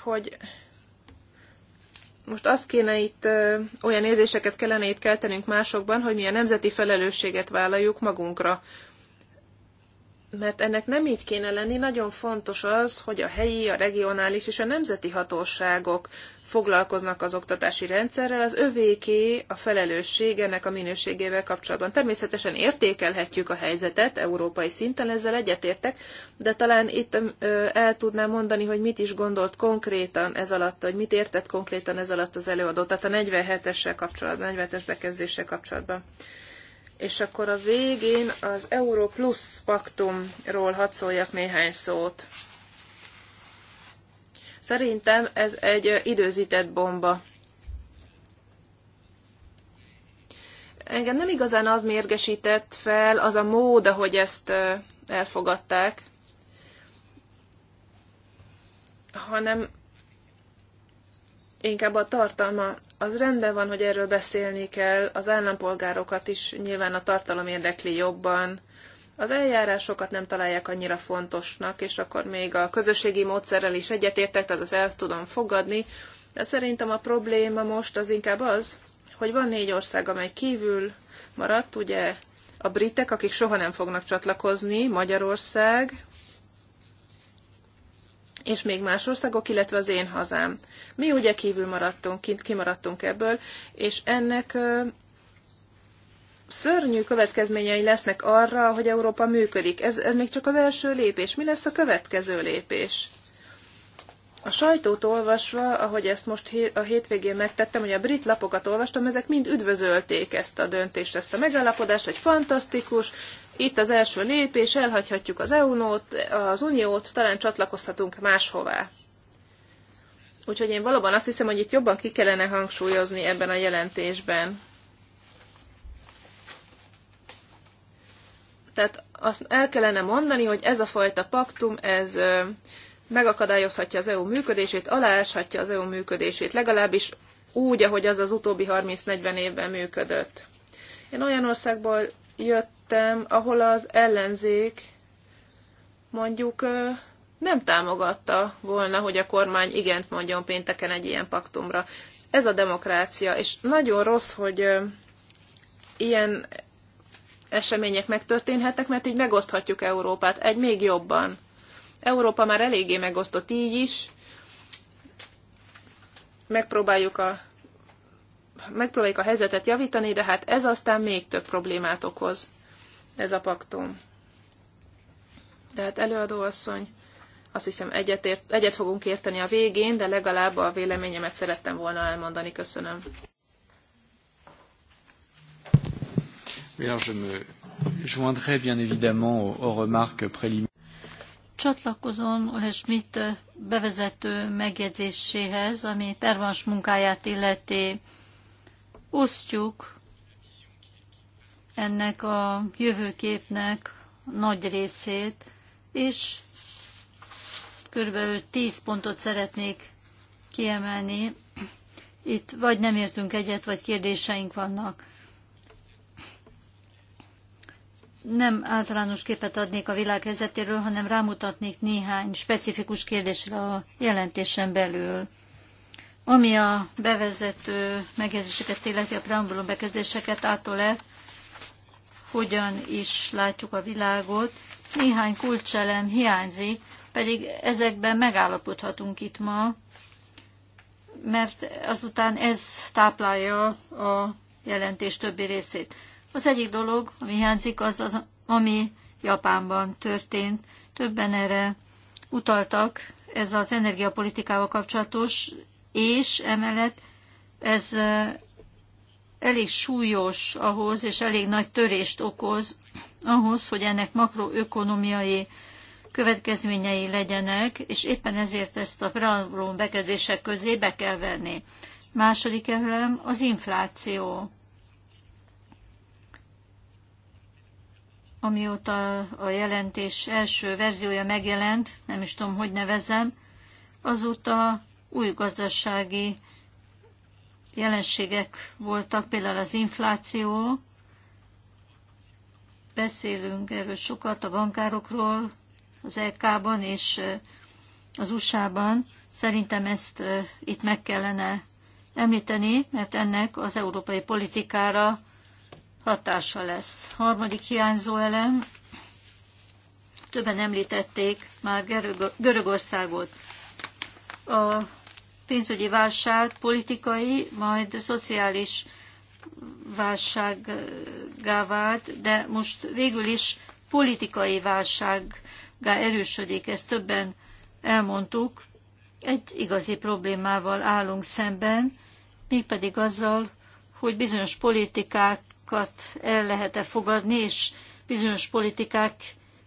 hogy most azt kéne itt, ö, olyan érzéseket kellene itt keltenünk másokban, hogy mi a nemzeti felelősséget vállaljuk magunkra mert ennek nem így kéne lenni, nagyon fontos az, hogy a helyi, a regionális és a nemzeti hatóságok foglalkoznak az oktatási rendszerrel, az övéké a felelősség ennek a minőségével kapcsolatban. Természetesen értékelhetjük a helyzetet európai szinten, ezzel egyetértek, de talán itt el tudnám mondani, hogy mit is gondolt konkrétan ez alatt, hogy mit értett konkrétan ez alatt az előadó, tehát a 47-essel kapcsolatban, 47-es bekezdéssel kapcsolatban és akkor a végén az Euro Plus paktumról hadd szóljak néhány szót. Szerintem ez egy időzített bomba. Engem nem igazán az mérgesített fel, az a mód, ahogy ezt elfogadták, hanem inkább a tartalma az rendben van, hogy erről beszélni kell, az állampolgárokat is nyilván a tartalom érdekli jobban, az eljárásokat nem találják annyira fontosnak, és akkor még a közösségi módszerrel is egyetértek, tehát az el tudom fogadni, de szerintem a probléma most az inkább az, hogy van négy ország, amely kívül maradt, ugye a britek, akik soha nem fognak csatlakozni, Magyarország, és még más országok, illetve az én hazám. Mi ugye kívül maradtunk, kint kimaradtunk ebből, és ennek szörnyű következményei lesznek arra, hogy Európa működik. Ez, ez még csak a első lépés. Mi lesz a következő lépés? A sajtót olvasva, ahogy ezt most a hétvégén megtettem, hogy a brit lapokat olvastam, ezek mind üdvözölték ezt a döntést, ezt a megállapodást, hogy fantasztikus, itt az első lépés, elhagyhatjuk az EU-nót, az Uniót, talán csatlakozhatunk máshová. Úgyhogy én valóban azt hiszem, hogy itt jobban ki kellene hangsúlyozni ebben a jelentésben. Tehát azt el kellene mondani, hogy ez a fajta paktum, ez megakadályozhatja az EU működését, alááshatja az EU működését, legalábbis úgy, ahogy az az utóbbi 30-40 évben működött. Én olyan országból jöttem, ahol az ellenzék mondjuk nem támogatta volna, hogy a kormány igent mondjon pénteken egy ilyen paktumra. Ez a demokrácia, és nagyon rossz, hogy ilyen események megtörténhetnek, mert így megoszthatjuk Európát egy még jobban. Európa már eléggé megosztott így is, megpróbáljuk a megpróbáljuk a helyzetet javítani, de hát ez aztán még több problémát okoz, ez a paktum. Tehát előadóasszony, azt hiszem egyet, ért, egyet fogunk érteni a végén, de legalább a véleményemet szerettem volna elmondani. Köszönöm.
Csatlakozom Ole Schmidt bevezető megjegyzéséhez, ami pervans munkáját illeti Osztjuk ennek a jövőképnek nagy részét, és körülbelül 10 pontot szeretnék kiemelni. Itt vagy nem értünk egyet, vagy kérdéseink vannak. Nem általános képet adnék a világ helyzetéről, hanem rámutatnék néhány specifikus kérdésre a jelentésen belül. Ami a bevezető megjegyzéseket illeti, a preambulum bekezdéseket attól le, hogyan is látjuk a világot, néhány kulcselem hiányzik, pedig ezekben megállapodhatunk itt ma, mert azután ez táplálja a jelentés többi részét. Az egyik dolog, ami hiányzik, az, az ami Japánban történt. Többen erre utaltak, ez az energiapolitikával kapcsolatos, és emellett ez elég súlyos ahhoz, és elég nagy törést okoz ahhoz, hogy ennek makroökonomiai következményei legyenek, és éppen ezért ezt a preambulum bekezdések közé be kell venni. Második elem az infláció. Amióta a jelentés első verziója megjelent, nem is tudom, hogy nevezem, azóta új gazdasági jelenségek voltak, például az infláció, beszélünk erről sokat a bankárokról, az EK-ban és eh, az USA-ban. Szerintem ezt eh, itt meg kellene említeni, mert ennek az európai politikára hatása lesz. Harmadik hiányzó elem, többen említették már Görögországot. A pénzügyi válság politikai, majd szociális válsággá vált, de most végül is politikai válsággá erősödik, ezt többen elmondtuk. Egy igazi problémával állunk szemben, mégpedig azzal, hogy bizonyos politikákat el lehet-e fogadni, és bizonyos politikák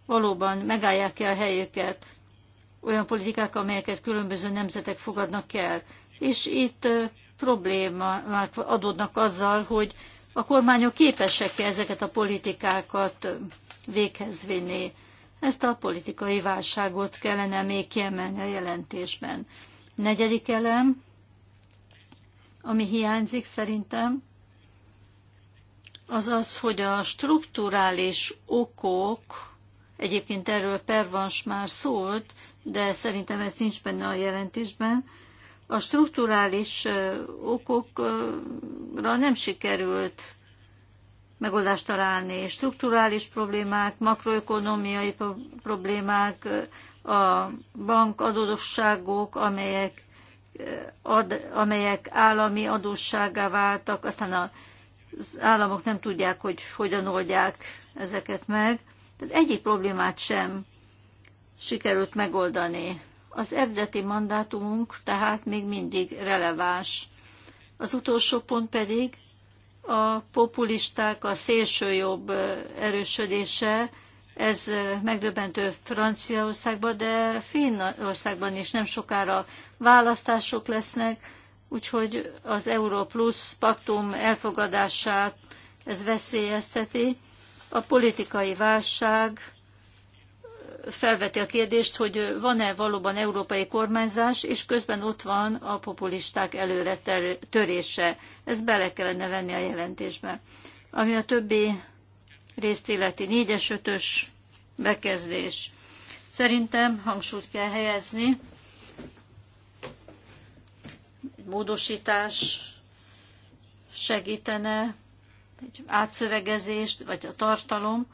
valóban megállják-e a helyüket olyan politikák, amelyeket különböző nemzetek fogadnak el. És itt problémák adódnak azzal, hogy a kormányok képesek-e ezeket a politikákat véghez vinni. Ezt a politikai válságot kellene még kiemelni a jelentésben. Negyedik elem, ami hiányzik szerintem, az az, hogy a strukturális okok Egyébként erről Pervans már szólt, de szerintem ez nincs benne a jelentésben. A strukturális okokra nem sikerült megoldást találni. Strukturális problémák, makroökonomiai problémák, a bank adódosságok, amelyek, ad, amelyek állami adósságá váltak, aztán az államok nem tudják, hogy hogyan oldják ezeket meg. Tehát egyik problémát sem sikerült megoldani. Az eredeti mandátumunk tehát még mindig releváns. Az utolsó pont pedig a populisták, a szélsőjobb erősödése, ez megdöbbentő Franciaországban, de Finnországban is nem sokára választások lesznek, úgyhogy az Euró Plus paktum elfogadását ez veszélyezteti. A politikai válság felveti a kérdést, hogy van-e valóban európai kormányzás, és közben ott van a populisták előre törése. Ezt bele kellene venni a jelentésbe. Ami a többi részt illeti négyes, ötös bekezdés. Szerintem hangsúlyt kell helyezni, módosítás segítene egy átszövegezést, vagy a tartalom,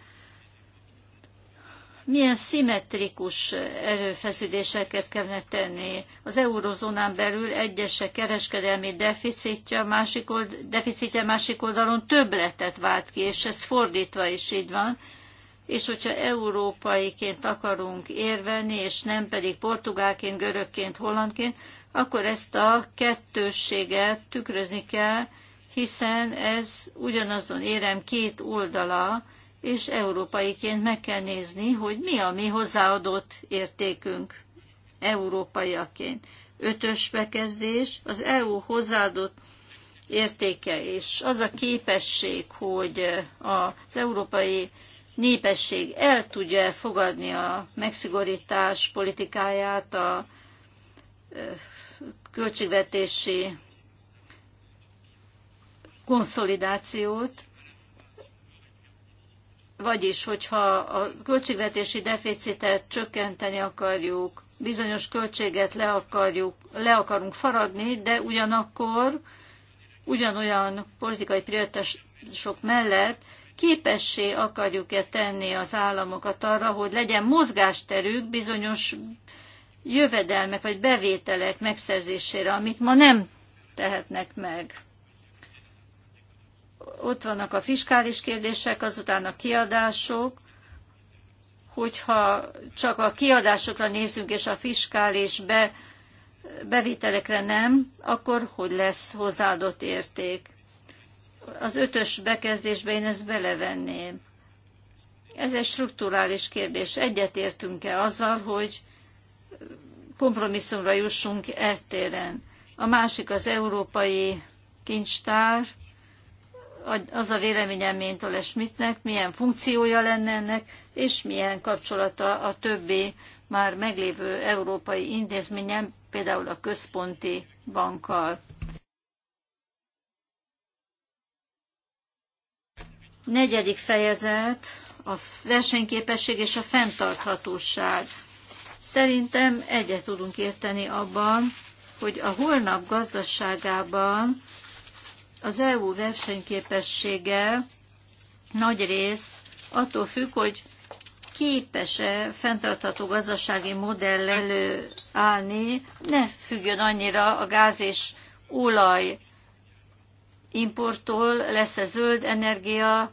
milyen szimmetrikus erőfeszítéseket kellene tenni. Az eurozónán belül egyesek kereskedelmi deficitje másik, old, deficitje másik oldalon többletet vált ki, és ez fordítva is így van. És hogyha európaiként akarunk érvelni, és nem pedig portugálként, görögként, hollandként, akkor ezt a kettősséget tükrözni kell, hiszen ez ugyanazon érem két oldala, és európaiként meg kell nézni, hogy mi a mi hozzáadott értékünk európaiaként. Ötös bekezdés, az EU hozzáadott értéke, és az a képesség, hogy az európai népesség el tudja fogadni a megszigorítás politikáját, a költségvetési konszolidációt, vagyis, hogyha a költségvetési deficitet csökkenteni akarjuk, bizonyos költséget le, akarjuk, le akarunk faragni, de ugyanakkor ugyanolyan politikai prioritások mellett képessé akarjuk-e tenni az államokat arra, hogy legyen mozgásterük bizonyos jövedelmek vagy bevételek megszerzésére, amit ma nem tehetnek meg ott vannak a fiskális kérdések, azután a kiadások, hogyha csak a kiadásokra nézünk, és a fiskális be, bevételekre nem, akkor hogy lesz hozzáadott érték? Az ötös bekezdésbe én ezt belevenném. Ez egy strukturális kérdés. Egyetértünk-e azzal, hogy kompromisszumra jussunk e téren? A másik az európai kincstár, az a véleményem, mint Ole Schmidtnek, milyen funkciója lenne ennek, és milyen kapcsolata a többi már meglévő európai intézményen, például a központi bankkal. Negyedik fejezet, a versenyképesség és a fenntarthatóság. Szerintem egyet tudunk érteni abban, hogy a holnap gazdaságában az EU versenyképessége nagy részt attól függ, hogy képes-e fenntartható gazdasági modell előállni, ne függjön annyira a gáz és olaj importtól, lesz-e zöld energia,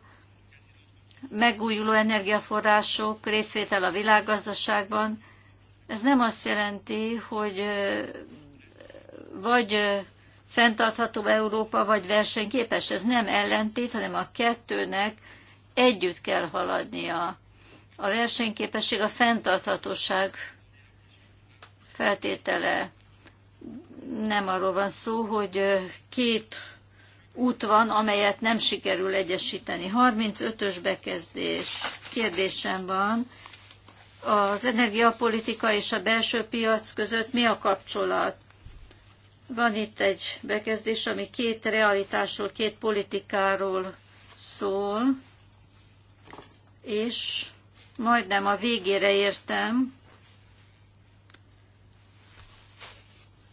megújuló energiaforrások, részvétel a világgazdaságban. Ez nem azt jelenti, hogy vagy fenntartható Európa vagy versenyképes. Ez nem ellentét, hanem a kettőnek együtt kell haladnia. A versenyképesség a fenntarthatóság feltétele. Nem arról van szó, hogy két út van, amelyet nem sikerül egyesíteni. 35-ös bekezdés. Kérdésem van, az energiapolitika és a belső piac között mi a kapcsolat? Van itt egy bekezdés, ami két realitásról, két politikáról szól, és majdnem a végére értem.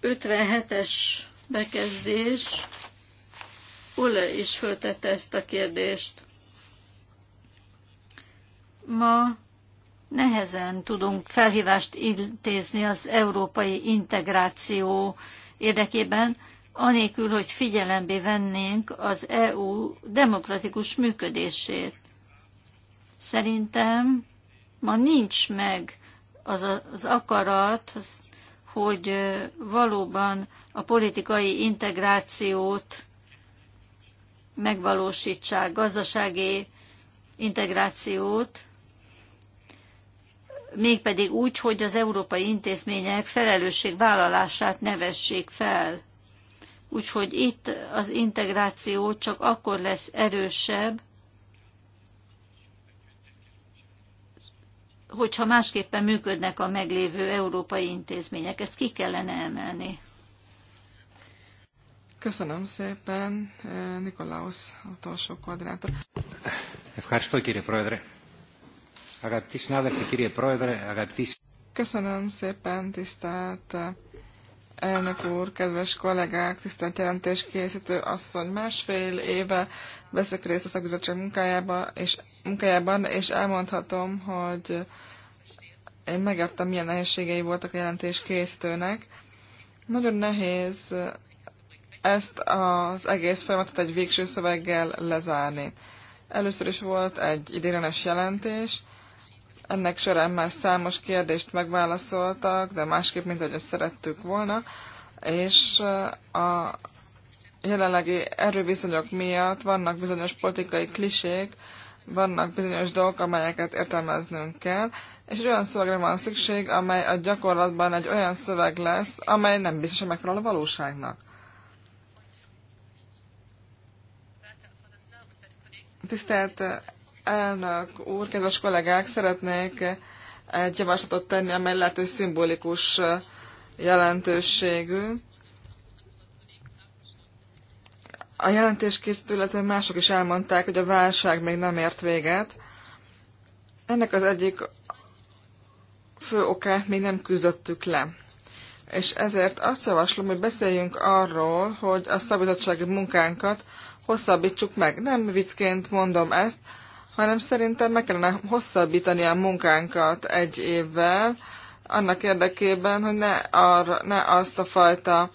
57-es bekezdés. Ule is föltette ezt a kérdést. Ma nehezen tudunk felhívást intézni az európai integráció érdekében, anélkül, hogy figyelembe vennénk az EU demokratikus működését. Szerintem ma nincs meg az, az akarat, hogy valóban a politikai integrációt megvalósítsák, gazdasági integrációt, mégpedig úgy, hogy az európai intézmények felelősségvállalását nevessék fel. Úgyhogy itt az integráció csak akkor lesz erősebb, hogyha másképpen működnek a meglévő európai intézmények. Ezt ki kellene emelni.
Köszönöm szépen, Nikolaus, utolsó koordinátor. Köszönöm szépen, tisztelt eh, elnök úr, kedves kollégák, tisztelt jelentéskészítő asszony. Másfél éve veszek részt a szakbizottság munkájában és, munkájában, és elmondhatom, hogy én megértem, milyen nehézségei voltak a jelentés készítőnek. Nagyon nehéz ezt az egész folyamatot egy végső szöveggel lezárni. Először is volt egy idéglenes jelentés, ennek során már számos kérdést megválaszoltak, de másképp, mint ahogy szerettük volna, és eh, a jelenlegi erőviszonyok miatt vannak bizonyos politikai klisék, vannak bizonyos dolgok, amelyeket értelmeznünk kell, és olyan szövegre van szükség, amely a gyakorlatban egy olyan szöveg lesz, amely nem biztos, hogy megfelel a valóságnak. Tisztelt eh, elnök úr, kedves kollégák, szeretnék egy javaslatot tenni, amely lehet, hogy szimbolikus jelentőségű. A jelentés illetve mások is elmondták, hogy a válság még nem ért véget. Ennek az egyik fő okát még nem küzdöttük le. És ezért azt javaslom, hogy beszéljünk arról, hogy a szabizottsági munkánkat hosszabbítsuk meg. Nem viccként mondom ezt, hanem szerintem meg kellene hosszabbítani a munkánkat egy évvel, annak érdekében, hogy ne, arra, ne azt a fajta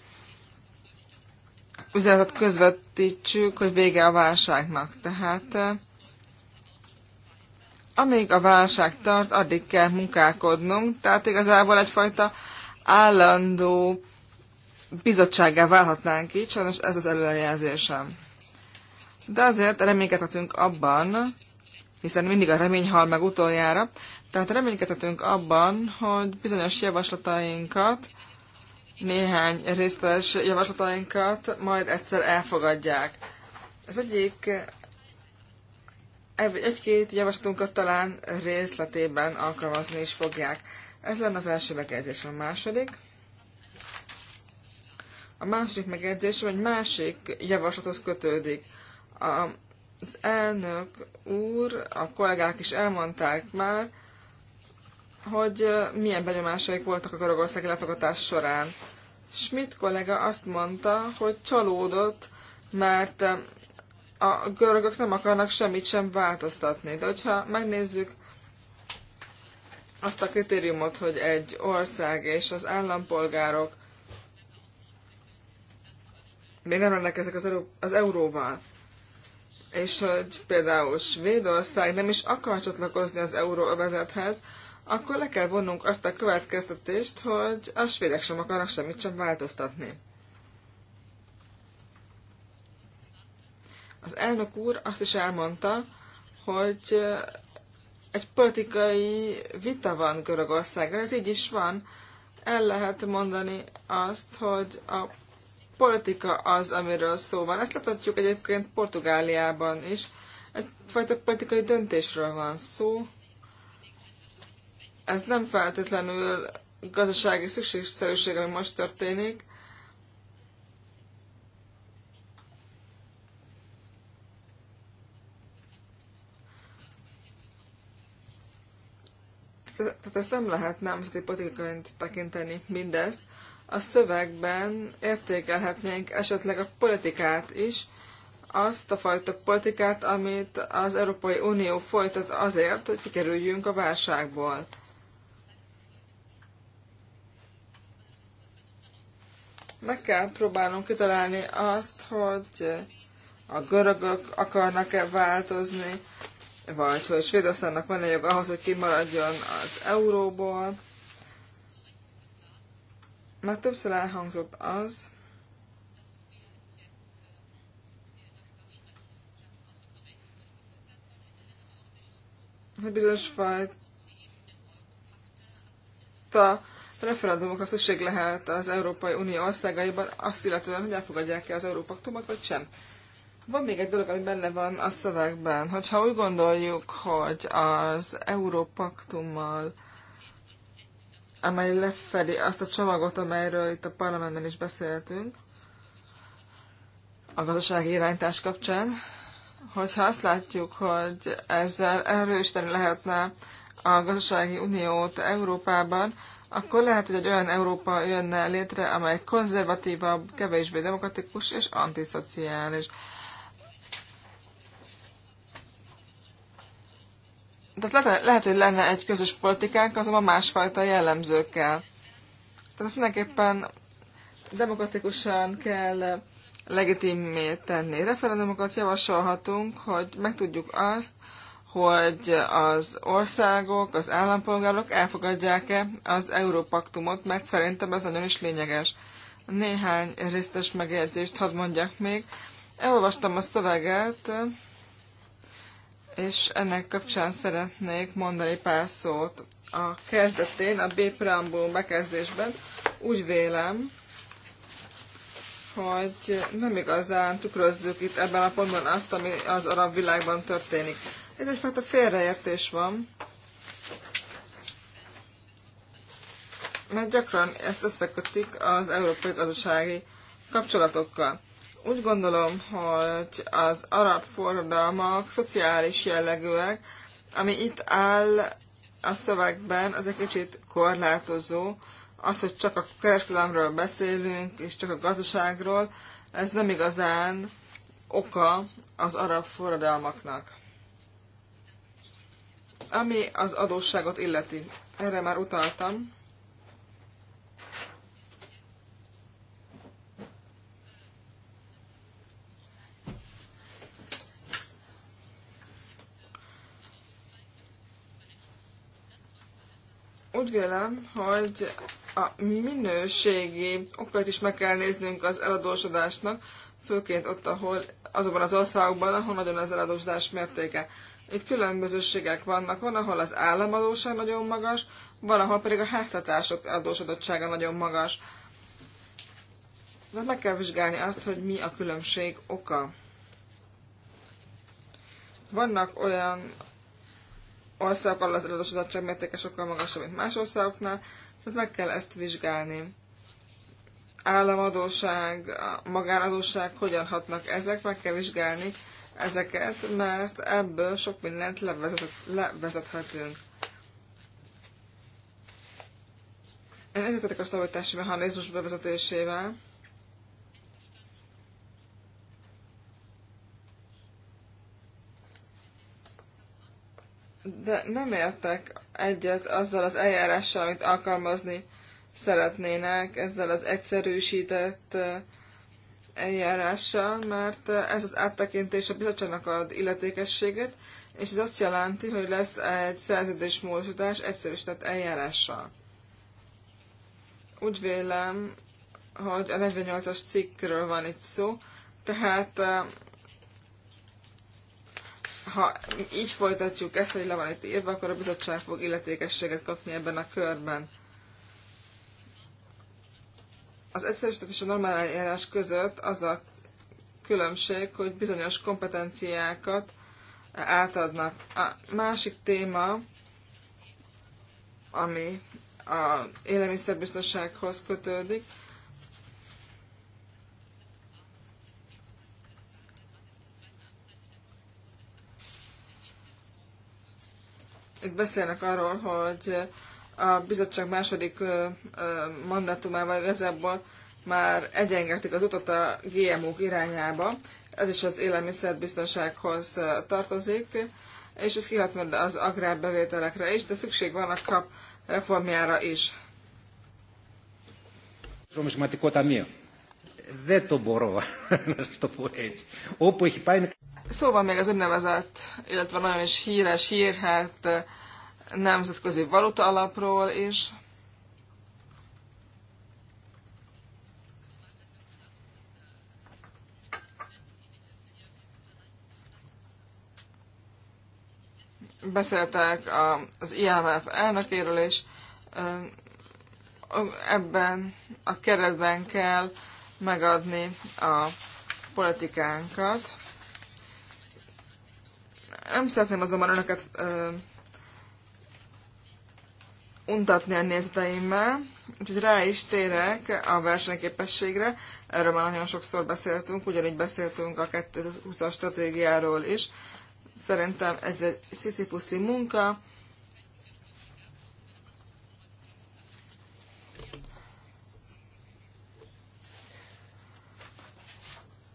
üzenetet közvetítsük, hogy vége a válságnak. Tehát eh, amíg a válság tart, addig kell munkálkodnunk, tehát igazából egyfajta állandó bizottsággá válhatnánk így, sajnos ez az előrejelzésem. De azért reménykedhetünk abban, hiszen mindig a remény hal meg utoljára. Tehát reménykedhetünk abban, hogy bizonyos javaslatainkat, néhány részletes javaslatainkat majd egyszer elfogadják. Az egyik egy-két javaslatunkat talán részletében alkalmazni is fogják. Ez lenne az első megjegyzés, a második. A második megjegyzés, vagy másik javaslathoz kötődik. A az elnök úr, a kollégák is elmondták már, hogy milyen benyomásaik voltak a görögországi látogatás során. Schmidt kollega azt mondta, hogy csalódott, mert a görögök nem akarnak semmit sem változtatni. De hogyha megnézzük azt a kritériumot, hogy egy ország és az állampolgárok még nem rendelkeznek az, euró, az euróval, és hogy például Svédország nem is akar csatlakozni az euróövezethez, akkor le kell vonnunk azt a következtetést, hogy a svédek sem akarnak semmit sem változtatni. Az elnök úr azt is elmondta, hogy eh, egy politikai vita van Görögországgal, ez így is van. El lehet mondani azt, hogy a politika az, amiről szó van. Ezt láthatjuk egyébként Portugáliában is. Egyfajta politikai döntésről van szó. Ez nem feltétlenül gazdasági szükségszerűség, ami most történik, tehát ezt nem lehet nemzeti politikaként tekinteni mindezt, a szövegben értékelhetnénk esetleg a politikát is, azt a fajta politikát, amit az Európai Unió folytat azért, hogy kikerüljünk a válságból. Meg kell próbálnunk kitalálni azt, hogy a görögök akarnak-e változni, vagy hogy Svédországnak van-e jog ahhoz, hogy kimaradjon az euróból. Már többször elhangzott az, hogy bizonyos fajta a szükség lehet az Európai Unió országaiban, azt illetően, hogy elfogadják-e az Európaktumot, vagy sem. Van még egy dolog, ami benne van a szövegben, hogyha úgy gondoljuk, hogy az Európaktummal amely lefedi azt a csomagot, amelyről itt a parlamentben is beszéltünk, a gazdasági irányítás kapcsán, hogyha azt látjuk, hogy ezzel erősíteni lehetne a gazdasági uniót Európában, akkor lehet, hogy egy olyan Európa jönne létre, amely konzervatívabb, kevésbé demokratikus és antiszociális. Tehát lehet, hogy lenne egy közös politikánk, azonban másfajta jellemzőkkel. Tehát ezt mindenképpen demokratikusan kell legitimé tenni. Referendumokat javasolhatunk, hogy megtudjuk azt, hogy az országok, az állampolgárok elfogadják-e az Európaktumot, mert szerintem ez nagyon is lényeges. Néhány résztes megjegyzést hadd mondjak még. Elolvastam a szöveget, és ennek kapcsán szeretnék mondani pár szót. A kezdetén, a B preambulum bekezdésben úgy vélem, hogy nem igazán tükrözzük itt ebben a pontban azt, ami az arab világban történik. Ez egyfajta félreértés van, mert gyakran ezt összekötik az európai gazdasági kapcsolatokkal. Úgy gondolom, hogy az arab forradalmak szociális jellegűek, ami itt áll a szövegben, az egy kicsit korlátozó. Az, hogy csak a kereskedelemről beszélünk, és csak a gazdaságról, ez nem igazán oka az arab forradalmaknak. Ami az adósságot illeti, erre már utaltam. úgy vélem, hogy a minőségi okait is meg kell néznünk az eladósodásnak, főként ott, ahol azokban az országokban, ahol nagyon az eladósodás mértéke. Itt különbözőségek vannak, van, ahol az államadóság nagyon magas, van, ahol pedig a háztartások adósodottsága nagyon magas. De meg kell vizsgálni azt, hogy mi a különbség oka. Vannak olyan országokkal az eladósodottság mértéke sokkal magasabb, mint más országoknál, tehát meg kell ezt vizsgálni. Államadóság, magánadóság, hogyan hatnak ezek, meg kell vizsgálni ezeket, mert ebből sok mindent levezet, levezethetünk. Én egyetetek a stabilitási mechanizmus bevezetésével, de nem értek egyet azzal az eljárással, amit alkalmazni szeretnének, ezzel az egyszerűsített eljárással, mert ez az áttekintés a bizottságnak ad illetékességet, és ez azt jelenti, hogy lesz egy szerződésmódosítás egyszerűsített eljárással. Úgy vélem, hogy a 48-as cikkről van itt szó, tehát ha így folytatjuk ezt, hogy le van itt írva, akkor a bizottság fog illetékességet kapni ebben a körben. Az egyszerűsített és a normál eljárás között az a különbség, hogy bizonyos kompetenciákat átadnak. A másik téma, ami a élelmiszerbiztonsághoz kötődik, itt beszélnek arról, hogy a bizottság második mandátumával igazából már egyengetik az utat a GMO-k irányába. Ez is az élelmiszerbiztonsághoz tartozik, és ez kihat majd az agrárbevételekre is, de szükség van a kap reformjára is. Romas kota miért? δεν το μπορώ [laughs] να το πω έτσι. Όπου έχει πάει... Szóval még az úgynevezett, illetve nagyon is híres, hírhet eh, nemzetközi valuta alapról is. Beszéltek az IMF elnökéről, és eh, ebben a keretben kell megadni a politikánkat. Nem szeretném azonban önöket ö, untatni a nézeteimmel, úgyhogy rá is térek a versenyképességre. Erről már nagyon sokszor beszéltünk, ugyanígy beszéltünk a 2020-as stratégiáról is. Szerintem ez egy sziszifuszi munka,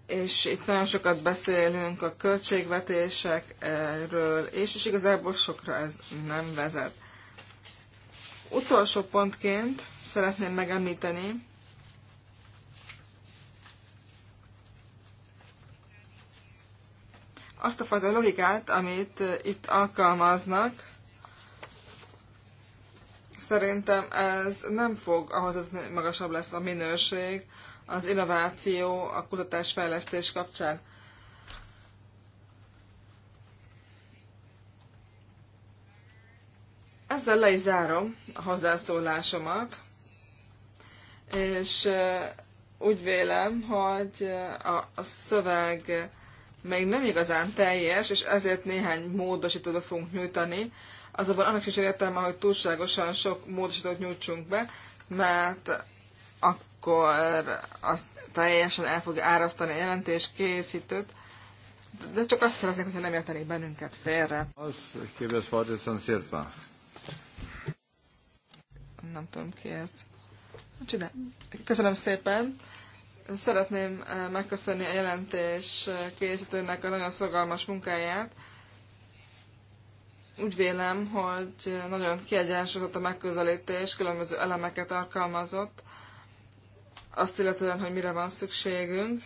és itt nagyon sokat beszélünk a költségvetésekről, és, és igazából sokra ez nem vezet. Utolsó pontként szeretném megemlíteni, azt a fajta logikát, amit itt alkalmaznak, szerintem ez nem fog ahhoz, hogy magasabb lesz a minőség, az innováció a kutatásfejlesztés kapcsán. Ezzel le is zárom a hozzászólásomat, és eh, úgy vélem, hogy eh, a, szöveg még nem igazán teljes, és ezért néhány módosítót fogunk nyújtani. Azonban annak is értelme, hogy túlságosan sok módosítót nyújtsunk be, mert a akkor azt teljesen el fogja árasztani a jelentés készítőt, de csak azt szeretnék, hogyha nem értenék bennünket félre.
Az kérdez Fadison Szirpa.
Nem tudom ki ez. Hát csinál. Köszönöm szépen. Szeretném eh, megköszönni a jelentés készítőnek a nagyon szorgalmas munkáját. Úgy vélem, hogy nagyon kiegyensúlyozott a megközelítés, különböző elemeket alkalmazott azt illetően, hogy mire van szükségünk.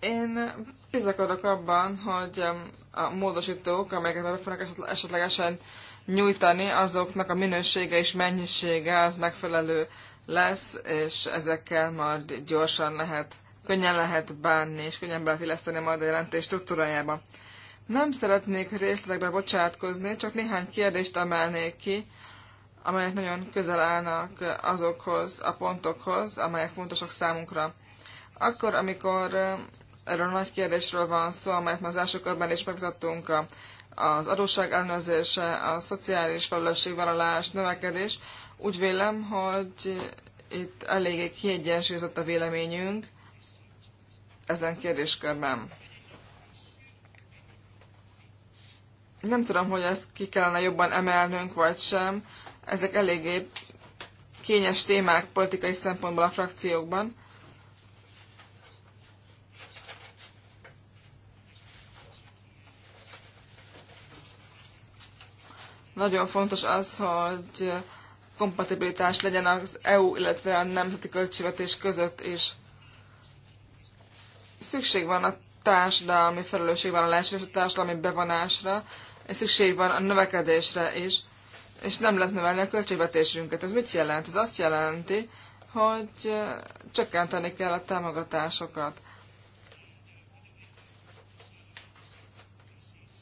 Én bizakodok abban, hogy a módosítók, amelyeket be fognak esetlegesen nyújtani, azoknak a minősége és mennyisége az megfelelő lesz, és ezekkel majd gyorsan lehet, könnyen lehet bánni, és könnyen illeszteni majd a jelentés struktúrájába. Nem szeretnék részletekbe bocsátkozni, csak néhány kérdést emelnék ki, amelyek nagyon közel állnak azokhoz a pontokhoz, amelyek fontosak számunkra. Akkor, amikor erről a nagy kérdésről van szó, amelyet már az első körben is megmutattunk, az adósság ellenőrzése, a szociális felelősségvállalás, növekedés, úgy vélem, hogy itt eléggé kiegyensúlyozott a véleményünk ezen kérdéskörben. nem tudom, hogy ezt ki kellene jobban emelnünk, vagy sem. Ezek eléggé kényes témák politikai szempontból a frakciókban. Nagyon fontos az, hogy kompatibilitás legyen az EU, illetve a nemzeti költségvetés között is. Szükség van a társadalmi felelősségvállalásra és a társadalmi bevonásra, és szükség van a növekedésre is, és nem lehet növelni a költségvetésünket. Ez mit jelent? Ez azt jelenti, hogy csökkenteni kell a támogatásokat.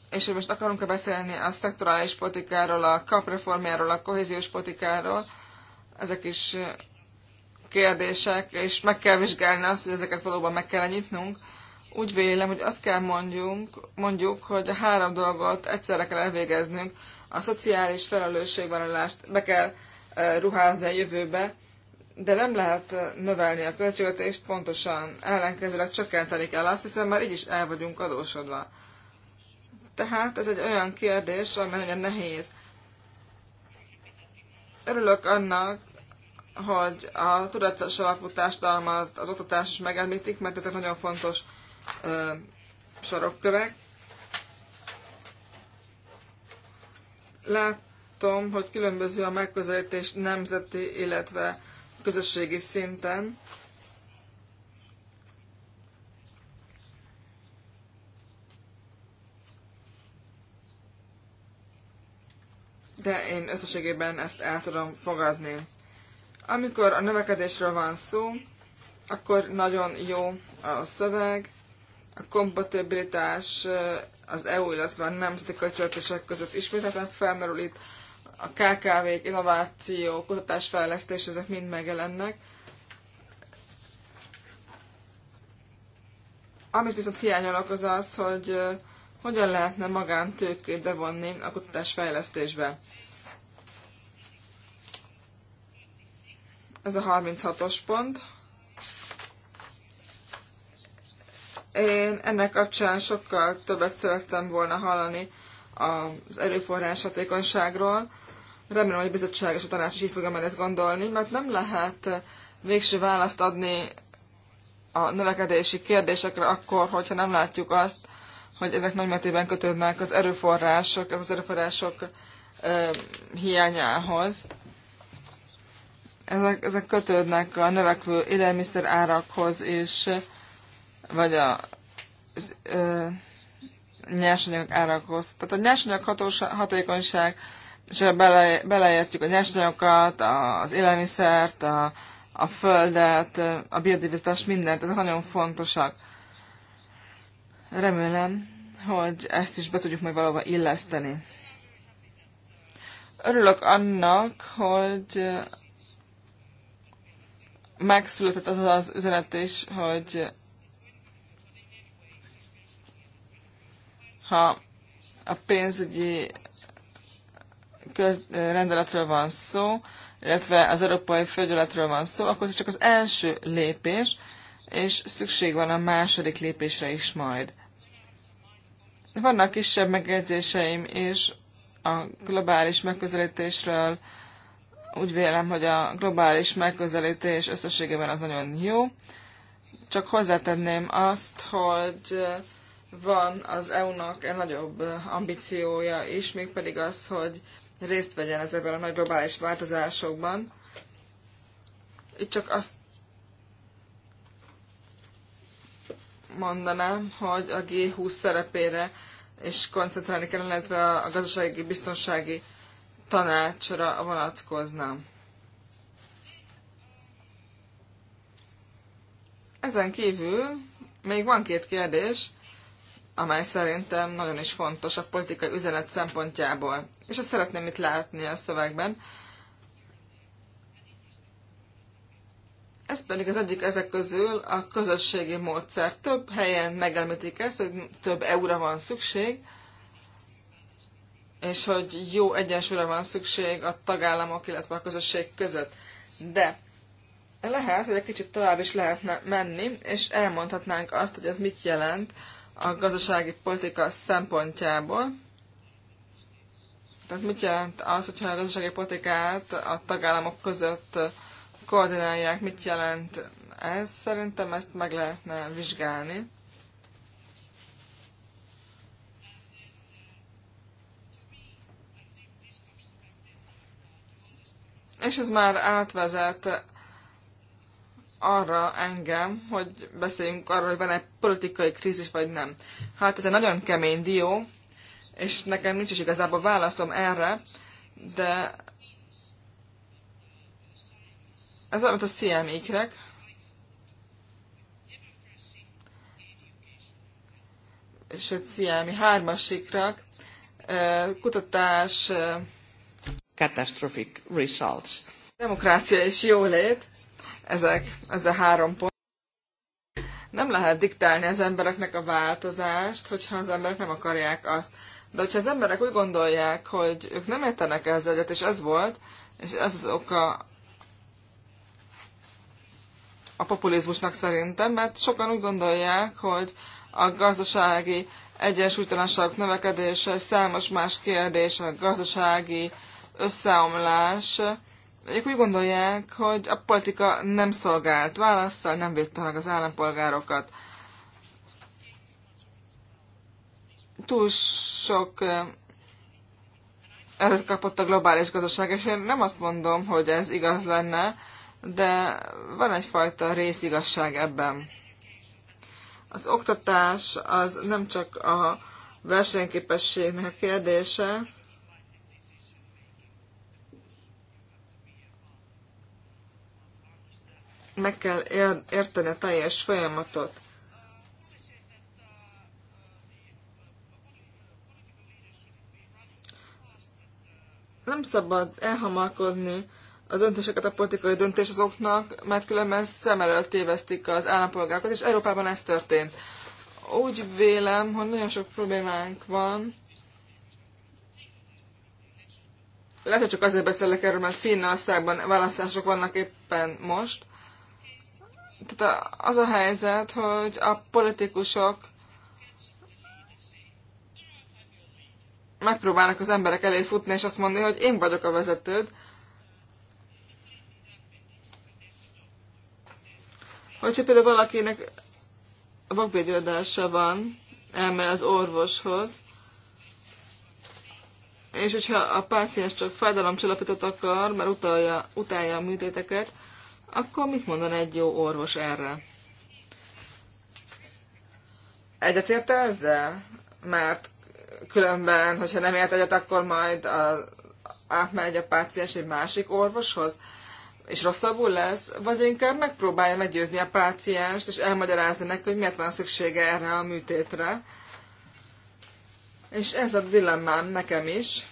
És hogy most akarunk-e beszélni a szektorális politikáról, a kapreformjáról, a kohéziós politikáról, ezek is kérdések, és meg kell vizsgálni azt, hogy ezeket valóban meg kell nyitnunk, úgy vélem, hogy azt kell mondjunk, mondjuk, hogy a három dolgot egyszerre kell elvégeznünk. A szociális felelősségvállalást be kell e, ruházni a jövőbe, de nem lehet e, növelni a költségvetést, pontosan ellenkezőleg csökkenteni kell azt, hiszen már így is el vagyunk adósodva. Tehát ez egy olyan kérdés, ami nagyon nehéz. Örülök annak, hogy a tudatos alapú társadalmat, az oktatás is megemlítik, mert ezek nagyon fontos ö, sarokkövek. Látom, hogy különböző a megközelítés nemzeti, illetve közösségi szinten. de én összességében ezt el tudom fogadni. Amikor a növekedésről van szó, akkor nagyon jó a szöveg, a kompatibilitás eh, az EU, illetve a nemzeti költségvetések között ismételten felmerül itt, a kkv innováció, kutatásfejlesztés, ezek mind megjelennek. Amit viszont hiányolok az az, hogy eh, hogyan lehetne magántőkét bevonni a kutatásfejlesztésbe. Ez a 36-os pont. Én ennek kapcsán sokkal többet szerettem volna hallani az erőforrás hatékonyságról. Remélem, hogy a bizottság és a tanács is így fogja ezt gondolni, mert nem lehet végső választ adni a növekedési kérdésekre akkor, hogyha nem látjuk azt, hogy ezek nagymértékben kötődnek az erőforrások, az erőforrások ö, hiányához. Ezek, ezek kötődnek a növekvő élelmiszer árakhoz és vagy a az, ö, nyersanyag árakhoz. Tehát a nyersanyag hatós, hatékonyság, és bele, beleértjük a nyersanyagokat, az élelmiszert, a, a földet, a biodiverzitás, mindent, ezek nagyon fontosak. Remélem, hogy ezt is be tudjuk majd valóban illeszteni. Örülök annak, hogy megszületett az az üzenet is, hogy ha a pénzügyi rendeletről van szó, illetve az európai földgyűlöletről van szó, akkor ez csak az első lépés, és szükség van a második lépésre is majd. Vannak kisebb megjegyzéseim is a globális megközelítésről. Úgy vélem, hogy a globális megközelítés összességében az nagyon jó. Csak hozzátenném azt, hogy van az EU-nak egy nagyobb ambíciója is, mégpedig az, hogy részt vegyen ezekben a nagy globális változásokban. Itt csak azt mondanám, hogy a G20 szerepére és koncentrálni kell, illetve a gazdasági biztonsági tanácsra vonatkozna. Ezen kívül még van két kérdés, amely szerintem nagyon is fontos a politikai üzenet szempontjából. És ezt szeretném itt látni a szövegben. Ez pedig az egyik ezek közül a közösségi módszer. Több helyen megelmítik ezt, hogy több eura van szükség, és hogy jó egyensúlyra van szükség a tagállamok, illetve a közösség között. De lehet, hogy egy kicsit tovább is lehetne menni, és elmondhatnánk azt, hogy ez mit jelent a gazdasági politika szempontjából. Tehát mit jelent az, hogyha a gazdasági politikát a tagállamok között koordinálják, mit jelent ez? Szerintem ezt meg lehetne vizsgálni. És ez már átvezet arra engem, hogy beszéljünk arról, hogy van-e politikai krízis, vagy nem. Hát ez egy nagyon kemény dió, és nekem nincs is igazából válaszom erre, de ez olyan, mint a cmi és Sőt, CMI hármasikrak. Kutatás... Catastrophic results. Demokrácia és jólét ezek, ez a három pont. Nem lehet diktálni az embereknek a változást, hogyha az emberek nem akarják azt. De hogyha az emberek úgy gondolják, hogy ők nem értenek ehhez egyet, és ez volt, és ez az oka a populizmusnak szerintem, mert sokan úgy gondolják, hogy a gazdasági egyensúlytalanság növekedése, számos más kérdés, a gazdasági összeomlás, ők úgy gondolják, hogy a politika nem szolgált válaszsal, nem védte meg az állampolgárokat. Túl sok erőt kapott a globális gazdaság, és én nem azt mondom, hogy ez igaz lenne, de van egyfajta részigazság ebben. Az oktatás az nem csak a versenyképességnek a kérdése, meg kell érteni a teljes folyamatot. Nem szabad elhamarkodni a döntéseket, a politikai döntéshozóknak, mert különben szem előtt tévesztik az állampolgárokat, és Európában ez történt. Úgy vélem, hogy nagyon sok problémánk van. Lehet, hogy csak azért beszélek erről, mert Finnországban választások vannak éppen most tehát az a helyzet, hogy a politikusok megpróbálnak az emberek elé futni, és azt mondani, hogy én vagyok a vezetőd, Hogyha például valakinek vakbégyődása van, elmegy az orvoshoz, és hogyha a páciens csak fájdalomcsillapítót akar, mert utalja, utálja a műtéteket, akkor mit mondan egy jó orvos erre? Egyetért ezzel? Mert különben, hogyha nem ért egyet, akkor majd a, átmegy a páciens egy másik orvoshoz, és rosszabbul lesz, vagy inkább megpróbálja meggyőzni a pácienst, és elmagyarázni neki, hogy miért van szüksége erre a műtétre. És ez a dilemmám nekem is,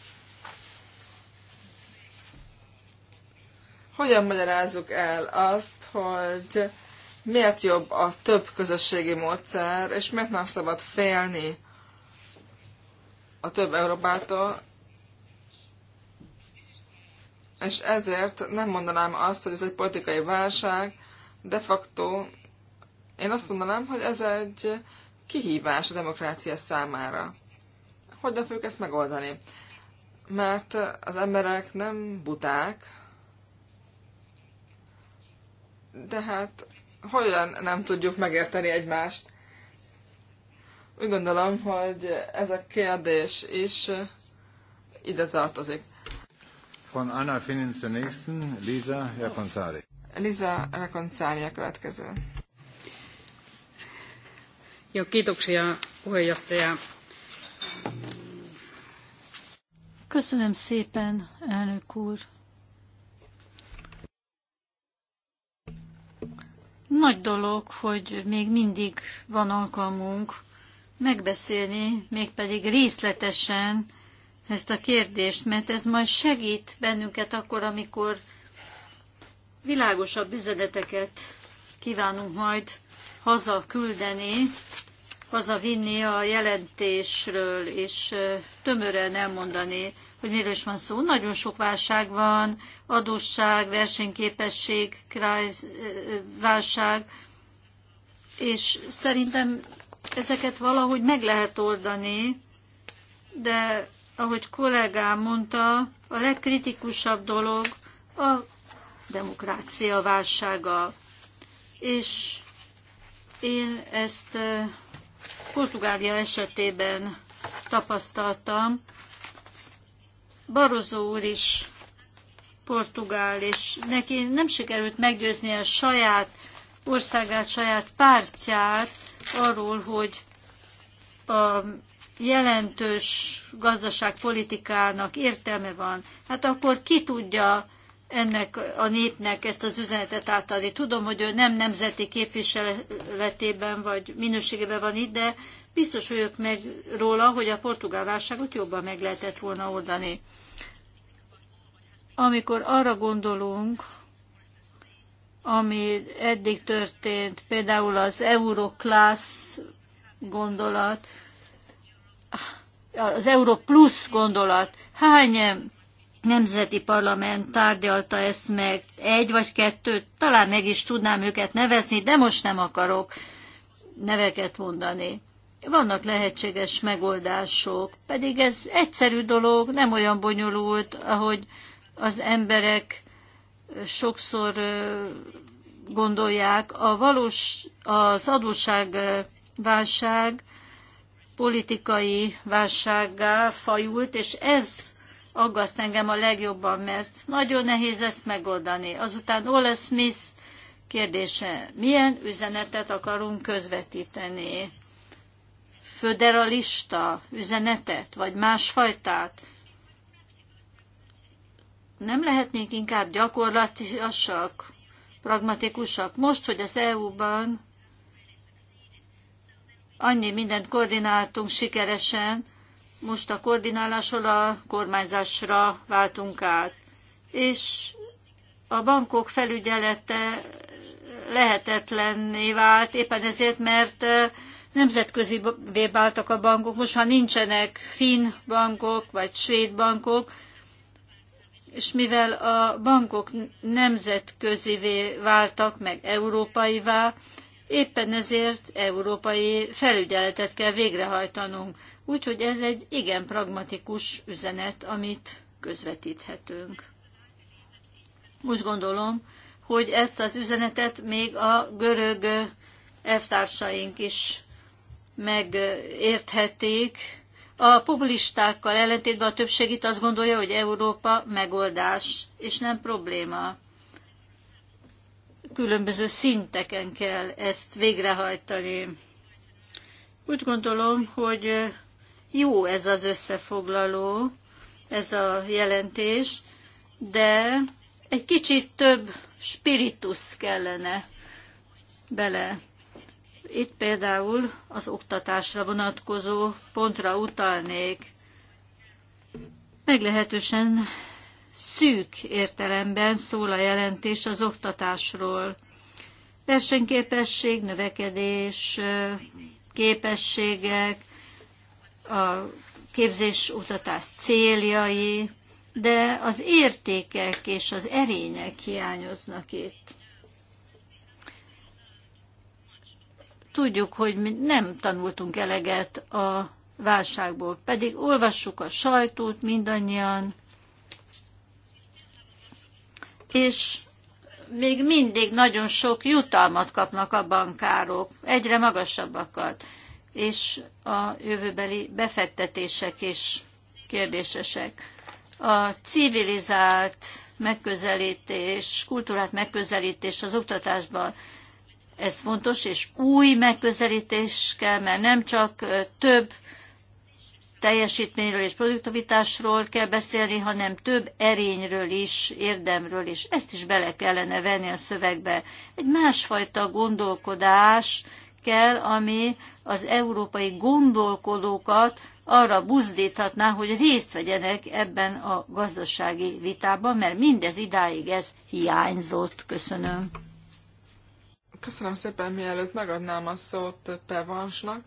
Hogyan magyarázzuk el azt, hogy miért jobb a több közösségi módszer, és miért nem szabad félni a több Európától, és ezért nem mondanám azt, hogy ez egy politikai válság, de facto én azt mondanám, hogy ez egy kihívás a demokrácia számára. Hogyan fogjuk ezt megoldani? Mert az emberek nem buták, de hát hogyan nem tudjuk megérteni egymást? Úgy gondolom, hogy ez a kérdés is ide tartozik.
Von Anna Finin zur nächsten, Lisa Reconcari.
Lisa Reconcari a következő.
Jó, kiitoksia puheenjohtaja. Köszönöm szépen, elnök úr. Nagy dolog, hogy még mindig van alkalmunk megbeszélni, mégpedig részletesen ezt a kérdést, mert ez majd segít bennünket akkor, amikor világosabb üzeneteket kívánunk majd hazaküldeni hazavinni a jelentésről, és tömören elmondani, hogy miről is van szó. Nagyon sok válság van, adósság, versenyképesség, krájz, válság, és szerintem ezeket valahogy meg lehet oldani, de ahogy kollégám mondta, a legkritikusabb dolog a demokrácia válsága. És én ezt Portugália esetében tapasztaltam. Barozó úr is portugál, és neki nem sikerült meggyőzni a saját országát, saját pártját arról, hogy a jelentős gazdaságpolitikának értelme van. Hát akkor ki tudja ennek a népnek ezt az üzenetet átadni. Tudom, hogy ő nem nemzeti képviseletében vagy minőségében van itt, de biztos vagyok meg róla, hogy a portugál válságot jobban meg lehetett volna oldani. Amikor arra gondolunk, ami eddig történt, például az Euroclass gondolat, az Euro Plus gondolat, hány nemzeti parlament tárgyalta ezt meg, egy vagy kettőt, talán meg is tudnám őket nevezni, de most nem akarok neveket mondani. Vannak lehetséges megoldások, pedig ez egyszerű dolog, nem olyan bonyolult, ahogy az emberek sokszor gondolják. A valós, az adósságválság politikai válsággá fajult, és ez aggaszt engem a legjobban, mert nagyon nehéz ezt megoldani. Azután Ole Smith kérdése, milyen üzenetet akarunk közvetíteni? Föderalista üzenetet, vagy másfajtát? Nem lehetnénk inkább gyakorlatiasak, pragmatikusak? Most, hogy az EU-ban annyi mindent koordináltunk sikeresen, most a koordinálásról a kormányzásra váltunk át. És a bankok felügyelete lehetetlenné vált, éppen ezért, mert nemzetközi váltak a bankok, most már nincsenek finn bankok, vagy svéd bankok, és mivel a bankok nemzetközivé váltak, meg európaivá, éppen ezért európai felügyeletet kell végrehajtanunk. Úgyhogy ez egy igen pragmatikus üzenet, amit közvetíthetünk. Úgy gondolom, hogy ezt az üzenetet még a görög elvtársaink is megérthetik. A populistákkal ellentétben a többség itt azt gondolja, hogy Európa megoldás, és nem probléma. Különböző szinteken kell ezt végrehajtani. Úgy gondolom, hogy jó ez az összefoglaló, ez a jelentés, de egy kicsit több spiritus kellene bele. Itt például az oktatásra vonatkozó pontra utalnék. Meglehetősen szűk értelemben szól a jelentés az oktatásról. Versenyképesség, növekedés, képességek, a képzés utatás céljai, de az értékek és az erények hiányoznak itt. Tudjuk, hogy mi nem tanultunk eleget a válságból, pedig olvassuk a sajtót mindannyian, és még mindig nagyon sok jutalmat kapnak a bankárok, egyre magasabbakat és a jövőbeli befektetések is kérdésesek. A civilizált megközelítés, kultúrát megközelítés az oktatásban, ez fontos, és új megközelítés kell, mert nem csak több teljesítményről és produktivitásról kell beszélni, hanem több erényről is, érdemről is. Ezt is bele kellene venni a szövegbe. Egy másfajta gondolkodás kell, ami az európai gondolkodókat arra buzdíthatná, hogy részt vegyenek ebben a gazdasági vitában, mert mindez idáig ez hiányzott. Köszönöm.
Köszönöm szépen, mielőtt megadnám a szót Pevansnak.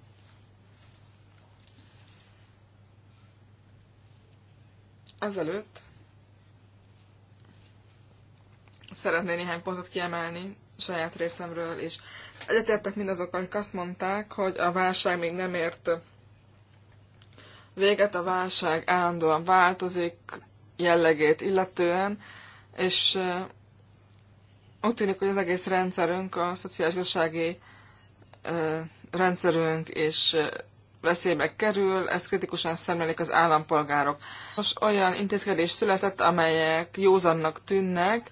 Ezelőtt szeretné néhány pontot kiemelni saját részemről És Egyetértek mindazok, akik azt mondták, hogy a válság még nem ért véget, a válság állandóan változik jellegét illetően, és eh, úgy tűnik, hogy az egész rendszerünk, a szociális gazdasági eh, rendszerünk és eh, veszélybe kerül, ezt kritikusan szemlélik az állampolgárok. Most olyan intézkedés született, amelyek józannak tűnnek,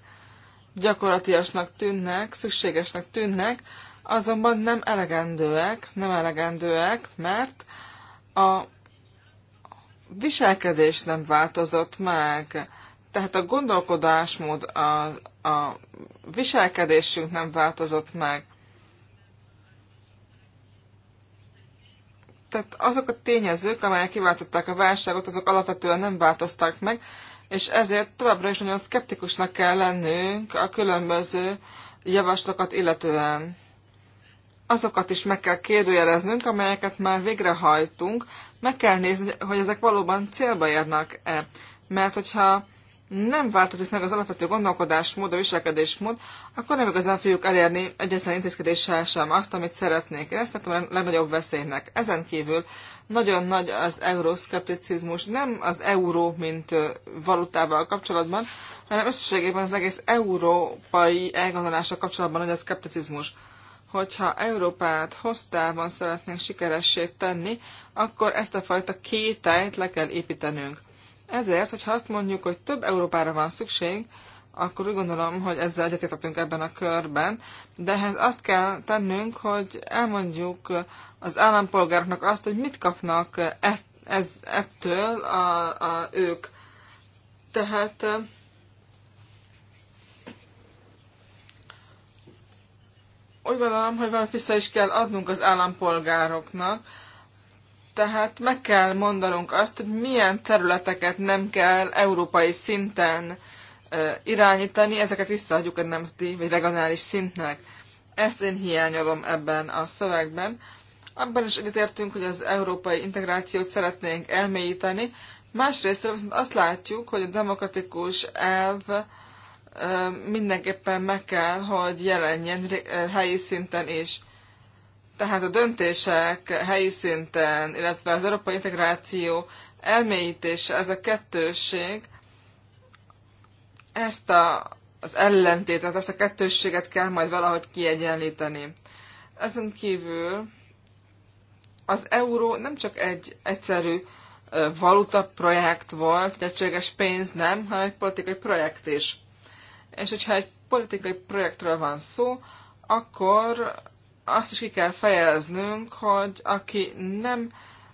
gyakorlatiasnak tűnnek, szükségesnek tűnnek, azonban nem elegendőek, nem elegendőek, mert a viselkedés nem változott meg, tehát a gondolkodásmód, a, a viselkedésünk nem változott meg. Tehát azok a tényezők, amelyek kiváltották a válságot, azok alapvetően nem változtak meg, és ezért továbbra is nagyon szkeptikusnak kell lennünk a különböző javaslatokat illetően azokat is meg kell kérdőjeleznünk, amelyeket már végrehajtunk, meg kell nézni, hogy ezek valóban célba érnek-e. Mert hogyha nem változik meg az alapvető gondolkodásmód, a viselkedésmód, akkor nem igazán fogjuk elérni egyetlen intézkedéssel sem azt, amit szeretnék. Én ezt tettem a legnagyobb veszélynek. Ezen kívül nagyon nagy az euroszkepticizmus, nem az euró, mint valutával kapcsolatban, hanem összességében az egész európai elgondolással kapcsolatban nagy a szkepticizmus hogyha Európát hoztában szeretnénk sikeressé tenni, akkor ezt a fajta kételyt le kell építenünk. Ezért, hogyha azt mondjuk, hogy több Európára van szükség, akkor úgy gondolom, hogy ezzel egyetértettünk ebben a körben, de ehhez azt kell tennünk, hogy elmondjuk az állampolgároknak azt, hogy mit kapnak e- ez, ettől a, a ők. Tehát úgy gondolom, hogy van vissza is kell adnunk az állampolgároknak, tehát meg kell mondanunk azt, hogy milyen területeket nem kell európai szinten irányítani, ezeket visszaadjuk a nemzeti vagy regionális szintnek. Ezt én hiányolom ebben a szövegben. Abban is egyetértünk, hogy az európai integrációt szeretnénk elmélyíteni, másrészt viszont azt látjuk, hogy a demokratikus elv mindenképpen meg kell, hogy jelenjen helyi szinten is. Tehát a döntések helyi szinten, illetve az európai integráció elmélyítése, ez a kettősség, ezt a, az ellentétet, ezt a kettősséget kell majd valahogy kiegyenlíteni. Ezen kívül az euró nem csak egy egyszerű valuta projekt volt, egy egységes pénz nem, hanem egy politikai projekt is és hogyha egy politikai projektről van szó, akkor azt is ki kell fejeznünk, hogy aki nem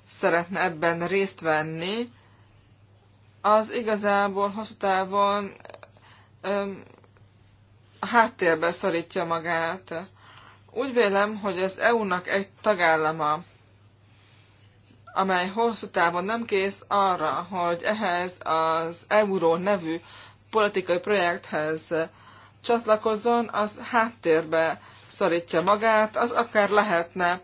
szeretne ebben részt venni, az igazából hosszú távon öm, háttérbe szorítja magát. Úgy vélem, hogy az EU-nak egy tagállama, amely hosszú távon nem kész arra, hogy ehhez az euró nevű politikai projekthez csatlakozzon, az háttérbe szorítja magát, az akár lehetne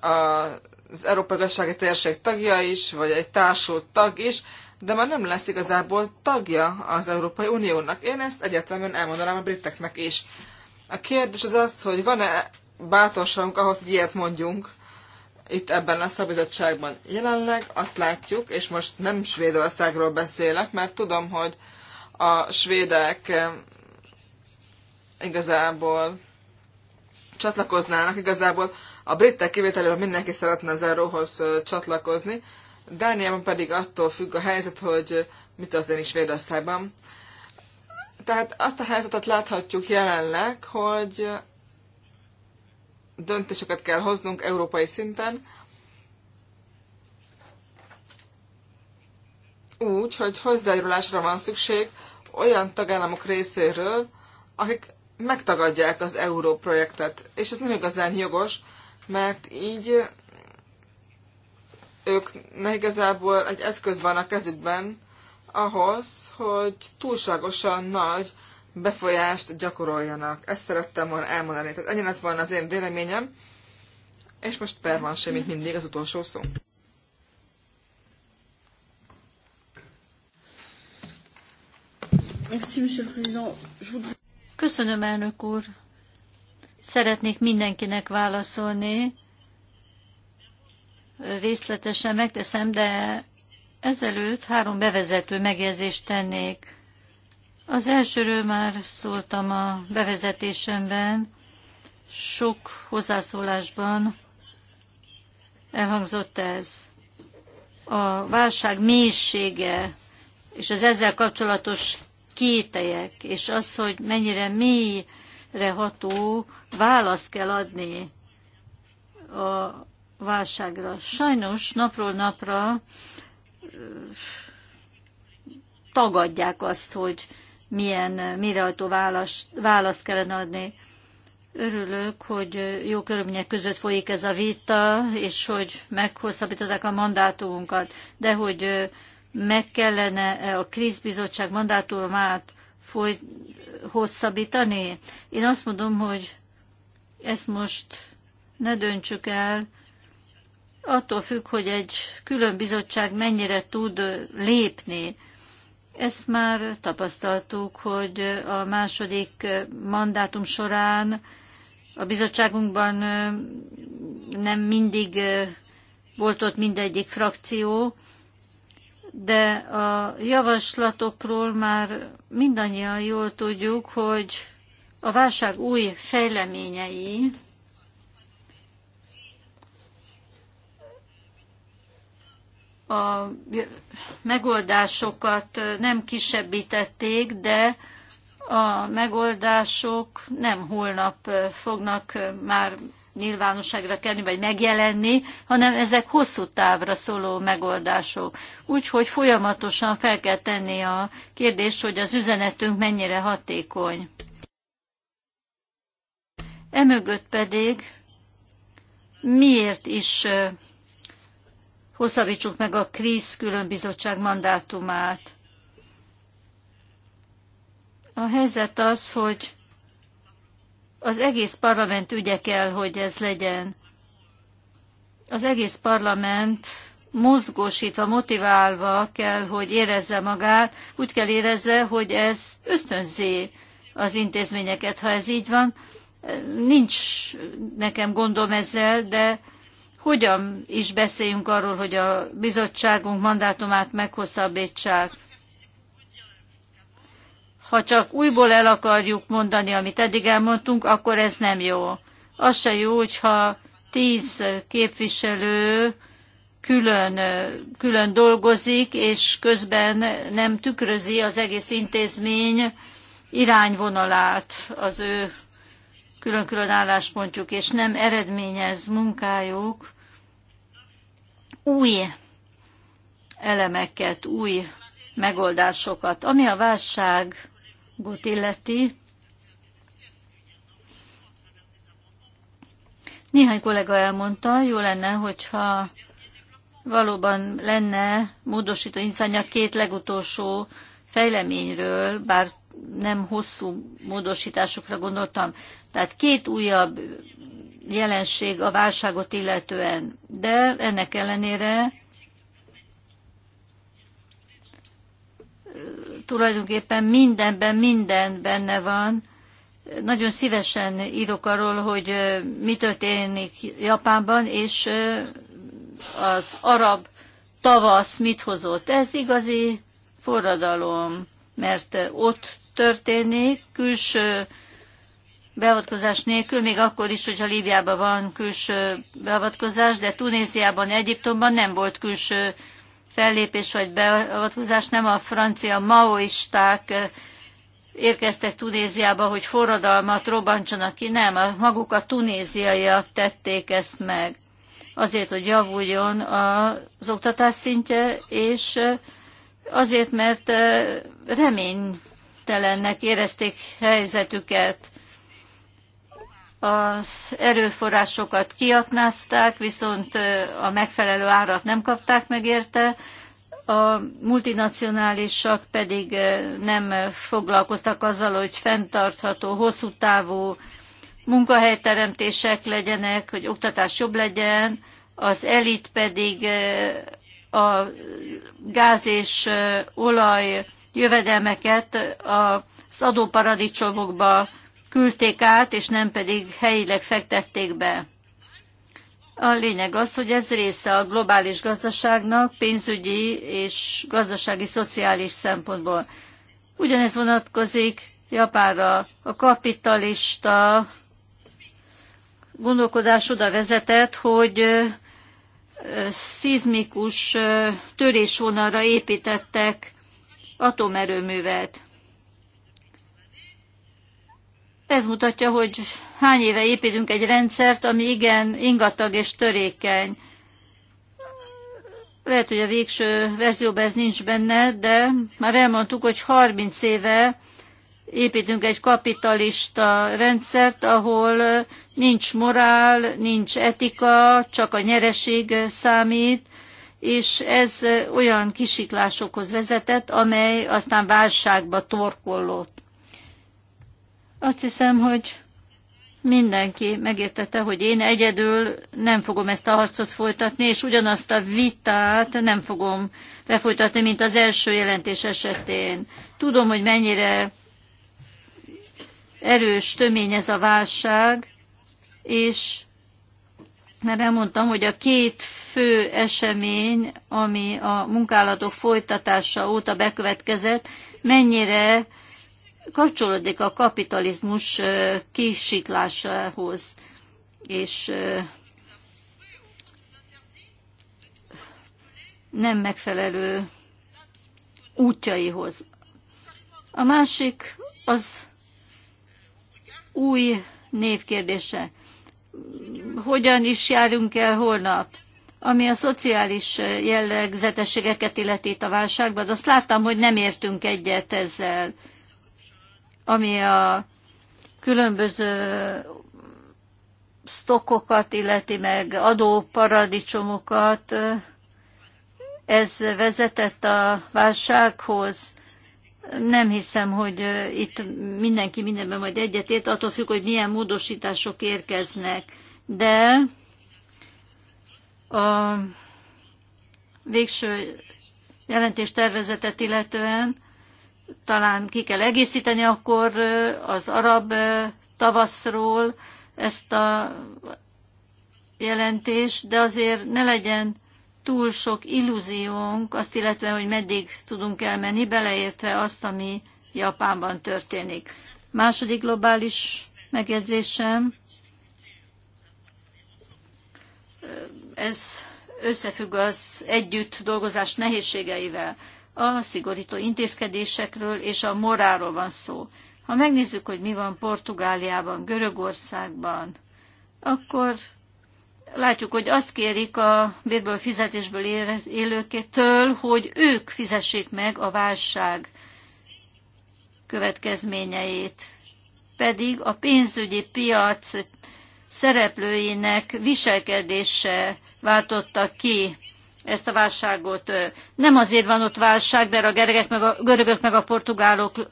az Európai Gazdasági Térség tagja is, vagy egy társult tag is, de már nem lesz igazából tagja az Európai Uniónak. Én ezt egyetemen elmondanám a briteknek is. A kérdés az az, hogy van-e bátorságunk ahhoz, hogy ilyet mondjunk itt ebben a szabizottságban. Jelenleg azt látjuk, és most nem Svédországról beszélek, mert tudom, hogy a svédek eh, igazából csatlakoznának, igazából a britek kivételével mindenki szeretne az euróhoz eh, csatlakozni, Dániában pedig attól függ a helyzet, hogy mi történik Svédországban. Tehát azt a helyzetet láthatjuk jelenleg, hogy döntéseket kell hoznunk európai szinten, úgy, hogy hozzájárulásra van szükség olyan tagállamok részéről, akik megtagadják az euró projektet, és ez nem igazán jogos, mert így ők ne igazából egy eszköz van a kezükben ahhoz, hogy túlságosan nagy befolyást gyakoroljanak. Ezt szerettem volna elmondani. Tehát ennyi lett volna az én véleményem, és most per van semmit mindig az utolsó szó.
Köszönöm, elnök úr. Szeretnék mindenkinek válaszolni. Részletesen megteszem, de ezelőtt három bevezető megjegyzést tennék. Az elsőről már szóltam a bevezetésemben, sok hozzászólásban elhangzott ez. A válság mélysége és az ezzel kapcsolatos kételyek, és az, hogy mennyire mélyre ható választ kell adni a válságra. Sajnos napról napra tagadják azt, hogy milyen mérehajtó választ, választ kellene adni. Örülök, hogy jó körülmények között folyik ez a vita, és hogy meghosszabbították a mandátumunkat, de hogy meg kellene eh, a krízbizottság mandátumát foly, hosszabbítani? Én azt mondom, hogy ezt most ne döntsük el, attól függ, hogy egy külön bizottság mennyire tud eh, lépni. Ezt már tapasztaltuk, hogy eh, a második mandátum során a bizottságunkban nem mindig volt ott mindegyik frakció, de a javaslatokról már mindannyian jól tudjuk, hogy a válság új fejleményei a megoldásokat nem kisebbítették, de a megoldások nem holnap fognak már nyilvánosságra kerülni, vagy megjelenni, hanem ezek hosszú távra szóló megoldások. Úgyhogy folyamatosan fel kell tenni a kérdést, hogy az üzenetünk mennyire hatékony. Emögött pedig miért is hosszabbítsuk meg a KRISZ különbizottság mandátumát? A helyzet az, hogy az egész parlament ügye kell, hogy ez legyen. Az egész parlament mozgósítva, motiválva kell, hogy érezze magát, úgy kell érezze, hogy ez ösztönzi az intézményeket. Ha ez így van, nincs nekem gondom ezzel, de hogyan is beszéljünk arról, hogy a bizottságunk mandátumát meghosszabbítsák. Ha csak újból el akarjuk mondani, amit eddig elmondtunk, akkor ez nem jó. Az se jó, hogyha tíz képviselő külön, külön dolgozik, és közben nem tükrözi az egész intézmény irányvonalát az ő külön-külön álláspontjuk, és nem eredményez munkájuk új elemeket, új megoldásokat. Ami a válság gut illeti. Néhány kollega elmondta, jó lenne, hogyha valóban lenne módosító indítvány a két legutolsó fejleményről, bár nem hosszú módosításokra gondoltam. Tehát két újabb jelenség a válságot illetően, de ennek ellenére tulajdonképpen mindenben minden benne van. Nagyon szívesen írok arról, hogy mi történik Japánban, és az arab tavasz mit hozott. Ez igazi forradalom, mert ott történik külső beavatkozás nélkül, még akkor is, hogyha Líbiában van külső beavatkozás, de Tunéziában, Egyiptomban nem volt külső fellépés vagy beavatkozás, nem a francia maoisták eh, érkeztek Tunéziába, hogy forradalmat robbantsanak ki, nem, a, maguk a tunéziaiak tették ezt meg. Azért, hogy javuljon az oktatás szintje, és eh, azért, mert eh, reménytelennek érezték helyzetüket az erőforrásokat kiaknázták, viszont a megfelelő árat nem kapták meg érte, a multinacionálisak pedig nem foglalkoztak azzal, hogy fenntartható, hosszú távú munkahelyteremtések legyenek, hogy oktatás jobb legyen, az elit pedig a gáz és olaj jövedelmeket az adóparadicsomokba küldték át, és nem pedig helyileg fektették be. A lényeg az, hogy ez része a globális gazdaságnak pénzügyi és gazdasági szociális szempontból. Ugyanez vonatkozik Japánra. A kapitalista gondolkodás oda vezetett, hogy szizmikus törésvonalra építettek atomerőművet. Ez mutatja, hogy hány éve építünk egy rendszert, ami igen ingatag és törékeny. Lehet, hogy a végső verzióban ez nincs benne, de már elmondtuk, hogy 30 éve építünk egy kapitalista rendszert, ahol nincs morál, nincs etika, csak a nyereség számít, és ez olyan kisiklásokhoz vezetett, amely aztán válságba torkollott. Azt hiszem, hogy mindenki megértette, hogy én egyedül nem fogom ezt a harcot folytatni, és ugyanazt a vitát nem fogom lefolytatni, mint az első jelentés esetén. Tudom, hogy mennyire erős tömény ez a válság, és mert elmondtam, hogy a két fő esemény, ami a munkálatok folytatása óta bekövetkezett, mennyire kapcsolódik a kapitalizmus kisiklásához, és nem megfelelő útjaihoz. A másik az új névkérdése. Hogyan is járunk el holnap? Ami a szociális jellegzetességeket illeti a válságban, azt láttam, hogy nem értünk egyet ezzel ami a különböző stokokat illeti, meg adóparadicsomokat, ez vezetett a válsághoz. Nem hiszem, hogy itt mindenki mindenben majd egyetért, attól függ, hogy milyen módosítások érkeznek. De a végső jelentés tervezetet illetően talán ki kell egészíteni akkor az arab tavaszról ezt a jelentést, de azért ne legyen túl sok illúziónk, azt illetve, hogy meddig tudunk elmenni, beleértve azt, ami Japánban történik. Második globális megjegyzésem, ez összefügg az együtt dolgozás nehézségeivel a szigorító intézkedésekről és a moráról van szó. Ha megnézzük, hogy mi van Portugáliában, Görögországban, akkor látjuk, hogy azt kérik a bérből fizetésből élőkétől, hogy ők fizessék meg a válság következményeit. Pedig a pénzügyi piac szereplőinek viselkedése váltotta ki ezt a válságot. Nem azért van ott válság, mert a görögök meg a, görögök meg a portugálok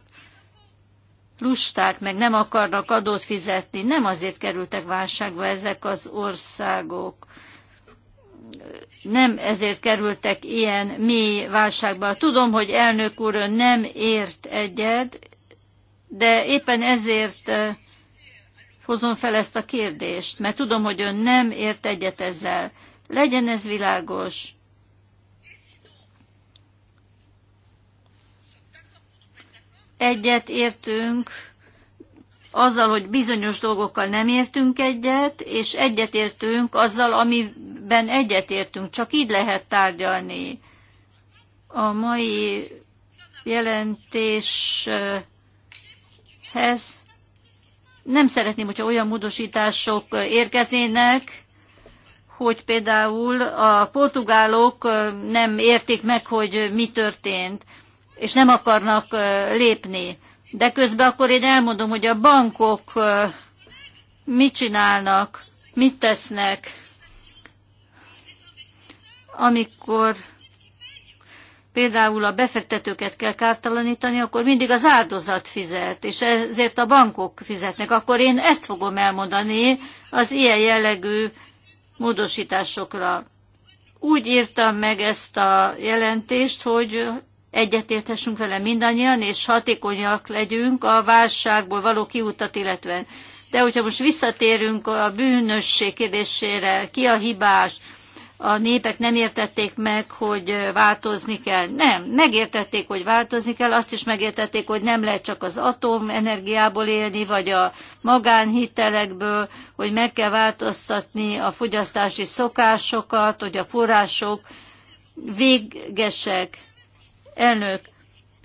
lusták, meg nem akarnak adót fizetni. Nem azért kerültek válságba ezek az országok. Nem ezért kerültek ilyen mély válságba. Tudom, hogy elnök úr nem ért egyet, de éppen ezért hozom fel ezt a kérdést, mert tudom, hogy ön nem ért egyet ezzel. Legyen ez világos. egyet értünk azzal, hogy bizonyos dolgokkal nem értünk egyet, és egyetértünk azzal, amiben egyetértünk. Csak így lehet tárgyalni. A mai jelentéshez nem szeretném, hogyha olyan módosítások érkeznének, hogy például a portugálok nem értik meg, hogy mi történt és nem akarnak lépni. De közben akkor én elmondom, hogy a bankok mit csinálnak, mit tesznek, amikor például a befektetőket kell kártalanítani, akkor mindig az áldozat fizet, és ezért a bankok fizetnek. Akkor én ezt fogom elmondani az ilyen jellegű módosításokra. Úgy írtam meg ezt a jelentést, hogy egyetérthessünk vele mindannyian, és hatékonyak legyünk a válságból való kiutat illetve. De hogyha most visszatérünk a bűnösség kérdésére, ki a hibás, a népek nem értették meg, hogy változni kell. Nem, megértették, hogy változni kell, azt is megértették, hogy nem lehet csak az atomenergiából élni, vagy a magánhitelekből, hogy meg kell változtatni a fogyasztási szokásokat, hogy a források végesek. Elnök,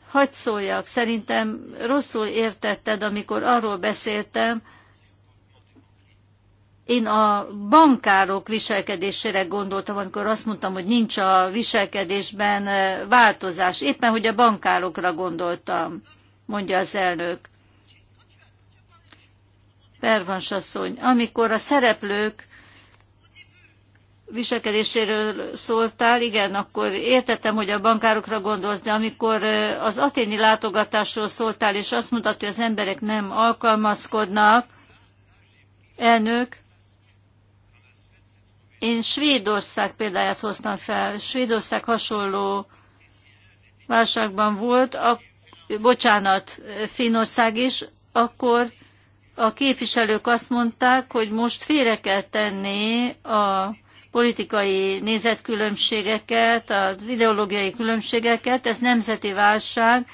hagyd szóljak, szerintem rosszul értetted, amikor arról beszéltem, én a bankárok viselkedésére gondoltam, amikor azt mondtam, hogy nincs a viselkedésben eh, változás. Éppen, hogy a bankárokra gondoltam, mondja az elnök. Pervans asszony, amikor a szereplők viselkedéséről szóltál, igen, akkor értettem, hogy a bankárokra gondolsz, de amikor az aténi látogatásról szóltál, és azt mondtad, hogy az emberek nem alkalmazkodnak, elnök, én Svédország példáját hoztam fel. Svédország hasonló válságban volt, a, bocsánat, Finország is, akkor a képviselők azt mondták, hogy most félre kell tenni a politikai nézetkülönbségeket, az ideológiai különbségeket, ez nemzeti válság,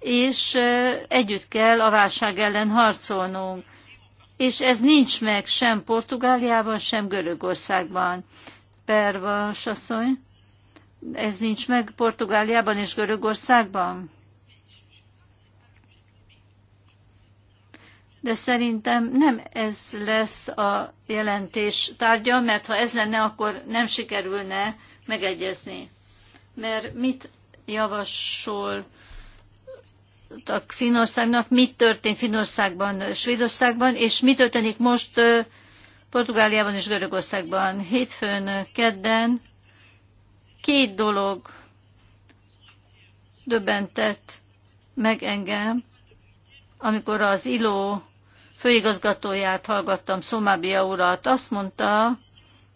és együtt kell a válság ellen harcolnunk. És ez nincs meg sem Portugáliában, sem Görögországban. Pervas asszony, ez nincs meg Portugáliában és Görögországban? de szerintem nem ez lesz a jelentés tárgya, mert ha ez lenne, akkor nem sikerülne megegyezni. Mert mit javasol Finországnak, mit történt Finországban, Svédországban, és mi történik most Portugáliában és Görögországban. Hétfőn, kedden két dolog döbbentett meg engem, amikor az ILO főigazgatóját hallgattam, Szomábia urat, azt mondta,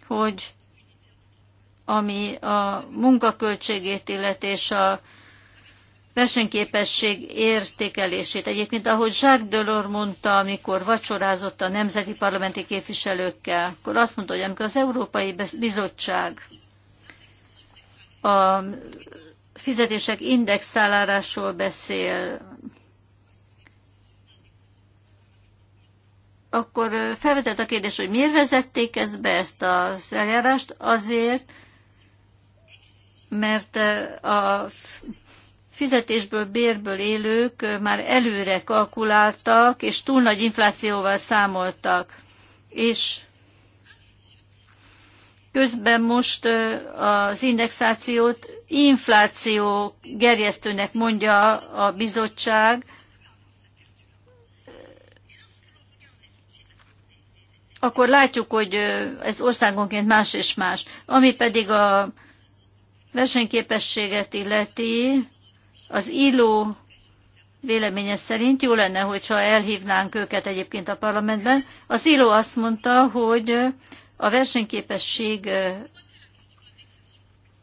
hogy ami a munkaköltségét illeti és a versenyképesség értékelését. Egyébként, ahogy Jacques Delors mondta, amikor vacsorázott a nemzeti parlamenti képviselőkkel, akkor azt mondta, hogy amikor az Európai Bizottság a fizetések indexálásról beszél, akkor felvetett a kérdés, hogy miért vezették ezt be, ezt az eljárást? Azért, mert a fizetésből, bérből élők már előre kalkuláltak, és túl nagy inflációval számoltak. És közben most az indexációt infláció gerjesztőnek mondja a bizottság, akkor látjuk, hogy ez országonként más és más. Ami pedig a versenyképességet illeti, az illó véleménye szerint jó lenne, hogyha elhívnánk őket egyébként a parlamentben. Az illó azt mondta, hogy a versenyképesség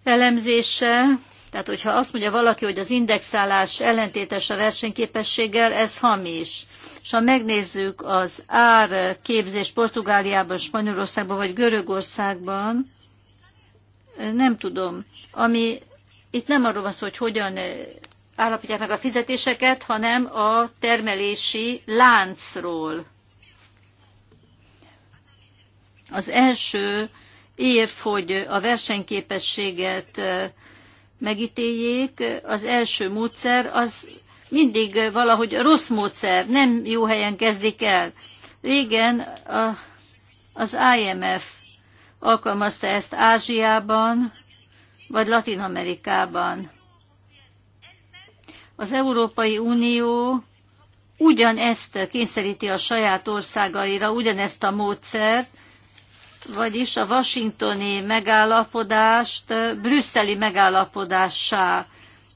elemzése, tehát hogyha azt mondja valaki, hogy az indexálás ellentétes a versenyképességgel, ez hamis. És ha megnézzük az árképzés Portugáliában, Spanyolországban vagy Görögországban, nem tudom, ami itt nem arról van szó, hogy hogyan állapítják meg a fizetéseket, hanem a termelési láncról. Az első érv, hogy a versenyképességet megítéljék, az első módszer az mindig eh, valahogy rossz módszer, nem jó helyen kezdik el. Régen a, az IMF alkalmazta ezt Ázsiában, vagy Latin Amerikában. Az Európai Unió ugyanezt kényszeríti a saját országaira, ugyanezt a módszert, vagyis a washingtoni megállapodást eh, brüsszeli megállapodássá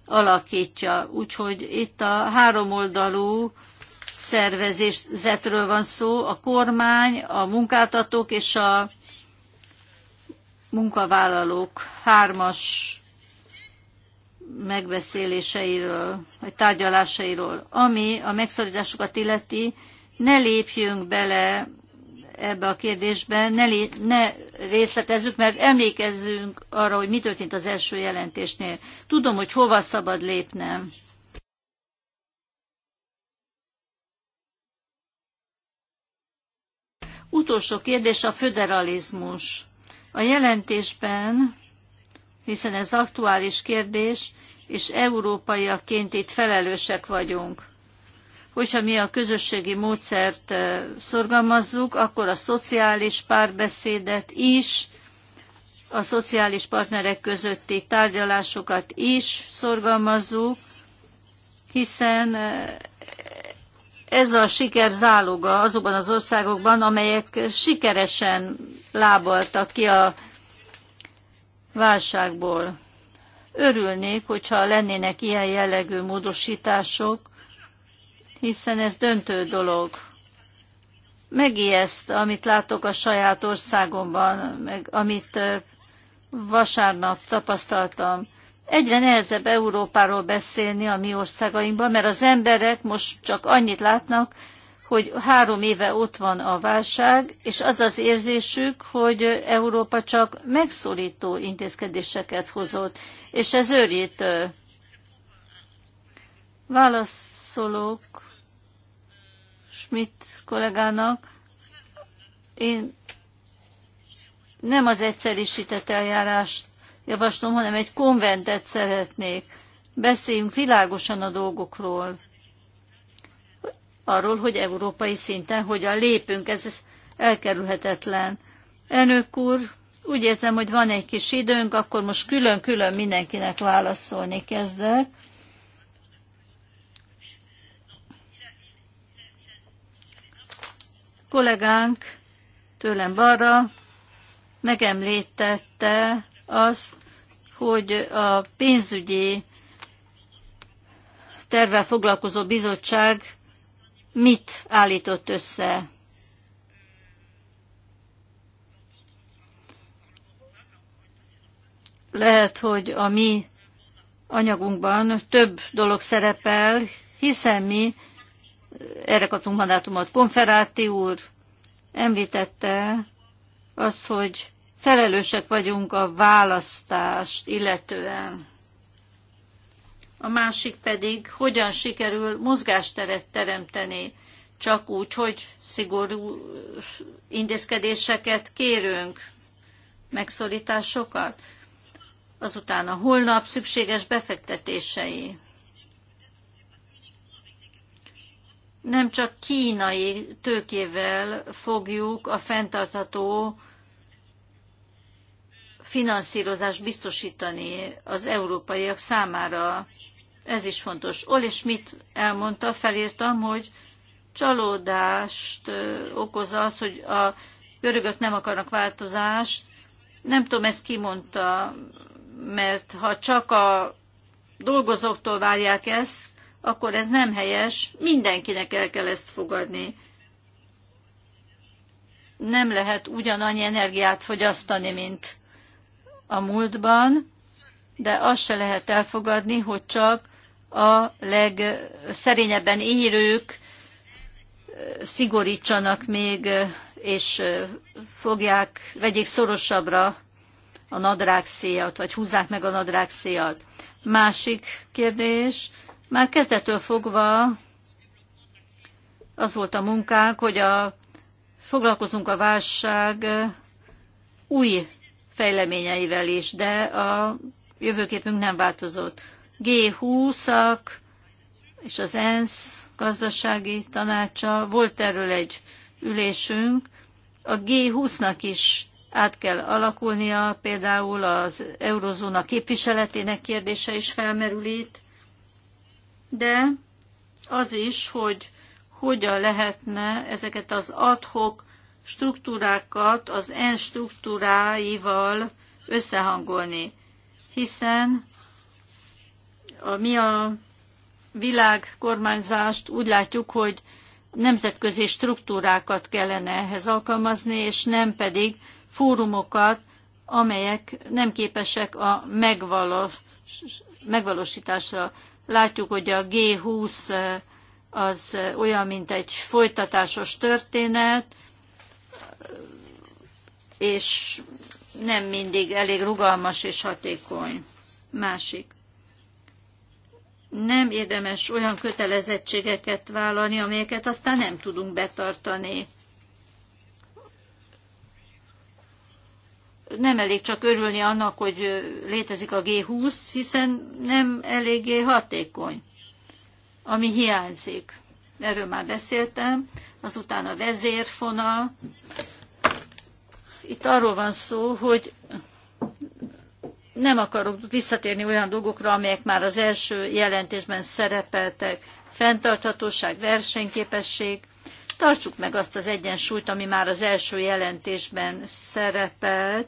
alakítja. Úgyhogy itt a háromoldalú szervezésről van szó, a kormány, a munkáltatók és a munkavállalók hármas megbeszéléseiről, vagy tárgyalásairól. Ami a megszorításokat illeti, ne lépjünk bele ebbe a kérdésbe, ne, ne részletezzük, mert emlékezzünk arra, hogy mi történt az első jelentésnél. Tudom, hogy hova szabad lépnem. Utolsó kérdés a föderalizmus. A jelentésben, hiszen ez aktuális kérdés, és európaiaként itt felelősek vagyunk. Hogyha mi a közösségi módszert szorgalmazzuk, akkor a szociális párbeszédet is, a szociális partnerek közötti tárgyalásokat is szorgalmazzuk, hiszen ez a siker záloga azokban az országokban, amelyek sikeresen lábaltak ki a válságból. Örülnék, hogyha lennének ilyen jellegű módosítások, hiszen ez döntő dolog. Megijeszt, amit látok a saját országomban, meg amit vasárnap tapasztaltam. Egyre nehezebb Európáról beszélni a mi országainkban, mert az emberek most csak annyit látnak, hogy három éve ott van a válság, és az az érzésük, hogy Európa csak megszólító intézkedéseket hozott, és ez őrítő. Válaszolok Schmidt kollégának. Én nem az egyszerűsített eljárást javaslom, hanem egy konventet szeretnék. Beszéljünk világosan a dolgokról. Arról, hogy európai szinten hogyan lépünk, ez elkerülhetetlen. Elnök úr, úgy érzem, hogy van egy kis időnk, akkor most külön-külön mindenkinek válaszolni kezdek. kollégánk tőlem balra megemlítette azt, hogy a pénzügyi terve foglalkozó bizottság mit állított össze. Lehet, hogy a mi anyagunkban több dolog szerepel, hiszen mi erre kaptunk mandátumot. Konferáti úr említette az, hogy felelősek vagyunk a választást illetően. A másik pedig, hogyan sikerül mozgásteret teremteni, csak úgy, hogy szigorú intézkedéseket kérünk, megszorításokat. Azután a holnap szükséges befektetései. nem csak kínai tőkével fogjuk a fenntartható finanszírozást biztosítani az európaiak számára. Ez is fontos. Ol és mit elmondta, felírtam, hogy csalódást okoz az, hogy a görögök nem akarnak változást. Nem tudom, ezt kimondta, mert ha csak a dolgozóktól várják ezt, akkor ez nem helyes, mindenkinek el kell ezt fogadni. Nem lehet ugyanannyi energiát fogyasztani, mint a múltban, de azt se lehet elfogadni, hogy csak a legszerényebben érők eh, szigorítsanak még, eh, és eh, fogják, vegyék szorosabbra a nadrág szíjat, vagy húzzák meg a nadrág szíjat. Másik kérdés, már kezdettől fogva az volt a munkánk, hogy a, foglalkozunk a válság új fejleményeivel is, de a jövőképünk nem változott. G20-ak és az ENSZ gazdasági tanácsa, volt erről egy ülésünk, a G20-nak is át kell alakulnia, például az eurozóna képviseletének kérdése is felmerül itt, de az is, hogy hogyan lehetne ezeket az adhok struktúrákat az N struktúráival összehangolni, hiszen a, mi a világkormányzást úgy látjuk, hogy nemzetközi struktúrákat kellene ehhez alkalmazni, és nem pedig fórumokat, amelyek nem képesek a megvalos, megvalósításra. Látjuk, hogy a G20 az olyan, mint egy folytatásos történet, és nem mindig elég rugalmas és hatékony. Másik. Nem érdemes olyan kötelezettségeket vállalni, amelyeket aztán nem tudunk betartani. nem elég csak örülni annak, hogy létezik a G20, hiszen nem eléggé hatékony, ami hiányzik. Erről már beszéltem. Azután a vezérfonal. Itt arról van szó, hogy nem akarok visszatérni olyan dolgokra, amelyek már az első jelentésben szerepeltek. Fenntarthatóság, versenyképesség. Tartsuk meg azt az egyensúlyt, ami már az első jelentésben szerepelt